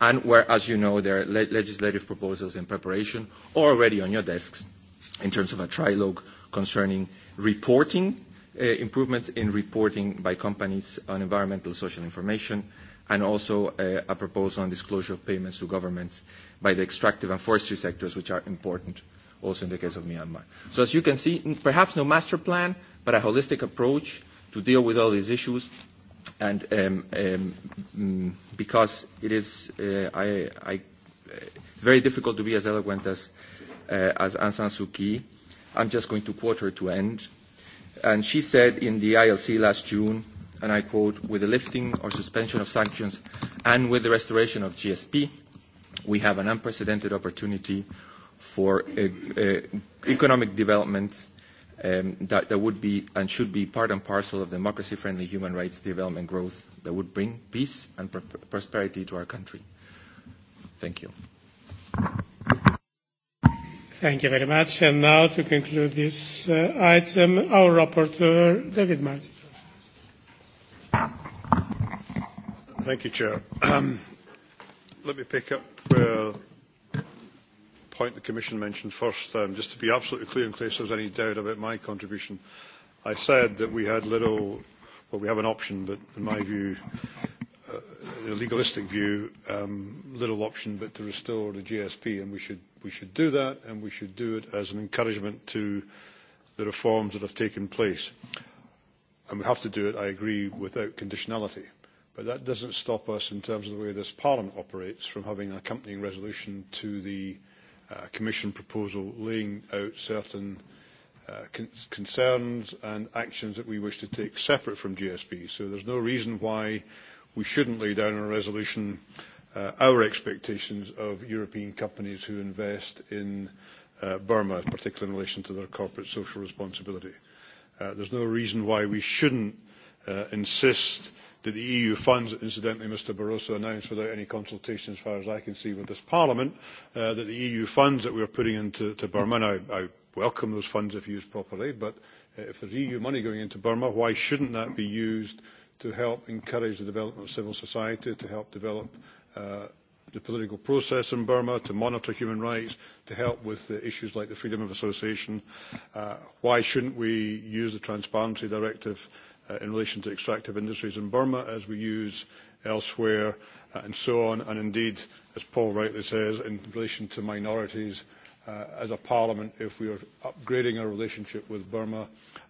and where, as you know, there are le legislative proposals in preparation or already on your desks in terms of a trilogue concerning reporting, uh, improvements in reporting by companies on environmental social information, and also uh, a proposal on disclosure of payments to governments by the extractive and forestry sectors, which are important also in the case of Myanmar. So as you can see, perhaps no master plan, but a holistic approach to deal with all these issues and um, um, mm, because it is uh, I, I, uh, very difficult to be as eloquent as, uh, as Aung San Suu Kyi, I'm just going to quote her to end. And she said in the ILC last June, and I quote, with the lifting or suspension of sanctions and with the restoration of GSP, we have an unprecedented opportunity for uh, uh, economic development um, that, that would be and should be part and parcel of democracy-friendly human rights development growth that would bring peace and pr prosperity to our country. Thank you. Thank you very much. And now to conclude this uh, item, our rapporteur, David Martin. Thank you, Chair. Um, let me pick up where point the Commission mentioned first, um, just to be absolutely clear in case there's any doubt about my contribution. I said that we had little, well, we have an option, but in my view, uh, in a legalistic view, um, little option but to restore the GSP, and we should, we should do that, and we should do it as an encouragement to the reforms that have taken place. And we have to do it, I agree, without conditionality. But that doesn't stop us, in terms of the way this Parliament operates, from having an accompanying resolution to the uh, uh, Commission proposal laying out certain uh, con concerns and actions that we wish to take separate from GSP. So there's no reason why we shouldn't lay down in a resolution uh, our expectations of European companies who invest in uh, Burma, particularly in relation to their corporate social responsibility. Uh, there's no reason why we shouldn't uh, insist uh, that the EU funds, incidentally Mr Barroso announced without any consultation as far as I can see with this Parliament, uh, that the EU funds that we are putting into to Burma, and I, I welcome those funds if used properly, but uh, if there's EU money going into Burma, why shouldn't that be used to help encourage the development of civil society, to help develop uh, the political process in Burma, to monitor human rights, to help with the issues like the freedom of association. Uh, why shouldn't we use the Transparency Directive Uh, in relation to extractive industries in Burma as we use elsewhere uh, and so on. And indeed, as Paul rightly says, in relation to minorities, uh, as a parliament, if we are upgrading our relationship with Burma,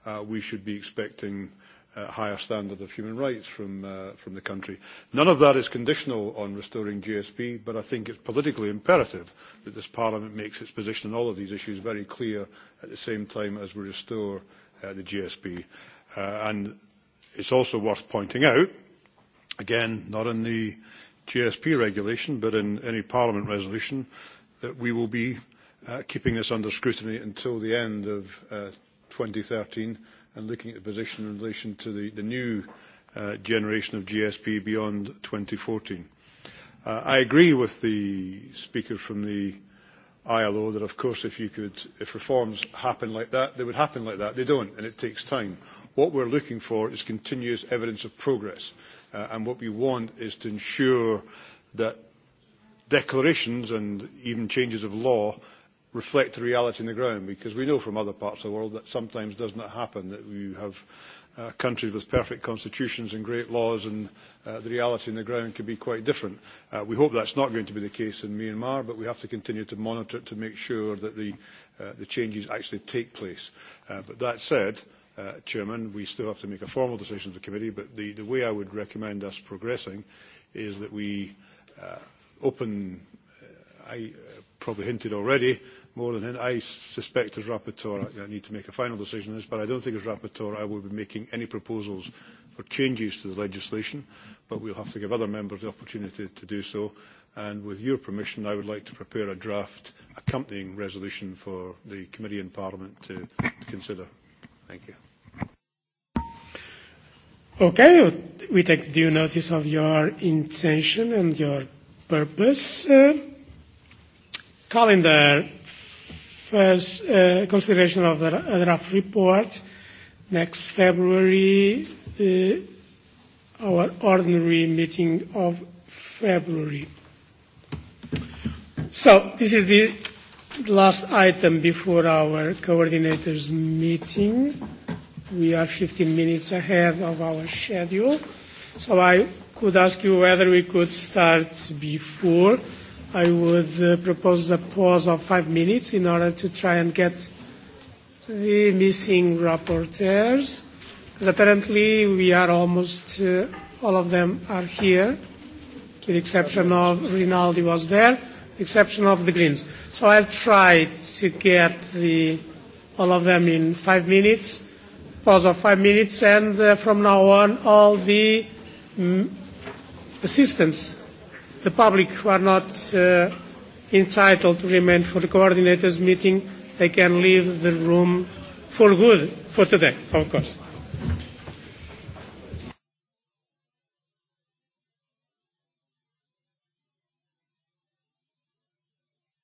uh, we should be expecting uh, higher standard of human rights from, uh, from the country. None of that is conditional on restoring GSP, but I think it's politically imperative that this Parliament makes its position on all of these issues very clear at the same time as we restore uh, the GSP. Uh, and It's also worth pointing out, again, not in the GSP regulation, but in any Parliament resolution, that we will be uh, keeping this under scrutiny until the end of 2013 uh, and looking at the position in relation to the, new uh, generation of GSP beyond 2014. I agree with the speaker from the ILO that, of course, if you could, if reforms happen like that, they would happen like that. They don't, and it takes time. What we're looking for is continuous evidence of progress, uh, and what we want is to ensure that declarations and even changes of law reflect the reality on the ground, because we know from other parts of the world that sometimes does not happen, that we have countries with perfect constitutions and great laws and uh, the reality on the ground can be quite different. Uh, we hope that's not going to be the case in Myanmar, but we have to continue to monitor it to make sure that the, uh, the changes actually take place. Uh, but that said, uh, Chairman, we still have to make a formal decision of the committee, but the, the way I would recommend us progressing is that we uh, open, uh, I uh, probably hinted already, more than him. I suspect as rapporteur, I need to make a final decision on this, but I don't think as rapporteur I will be making any proposals for changes to the legislation, but we'll have to give other members the opportunity to do so. And with your permission, I would like to prepare a draft accompanying resolution for the committee and parliament to, to consider. Thank you. Okay, we take due notice of your intention and your purpose. Uh, calendar First, uh, consideration of the draft report. Next February, the, uh, our ordinary meeting of February. So this is the last item before our coordinators meeting. We are 15 minutes ahead of our schedule. So I could ask you whether we could start before I would uh, propose a pause of five minutes in order to try and get the missing rapporteurs, because apparently we are almost uh, all of them are here, with the exception of Rinaldi was there, exception of the Greens. So I'll try to get the, all of them in five minutes, pause of five minutes, and uh, from now on all the mm, assistants the public who are not uh, entitled to remain for the coordinators meeting, they can leave the room for good for today, of course.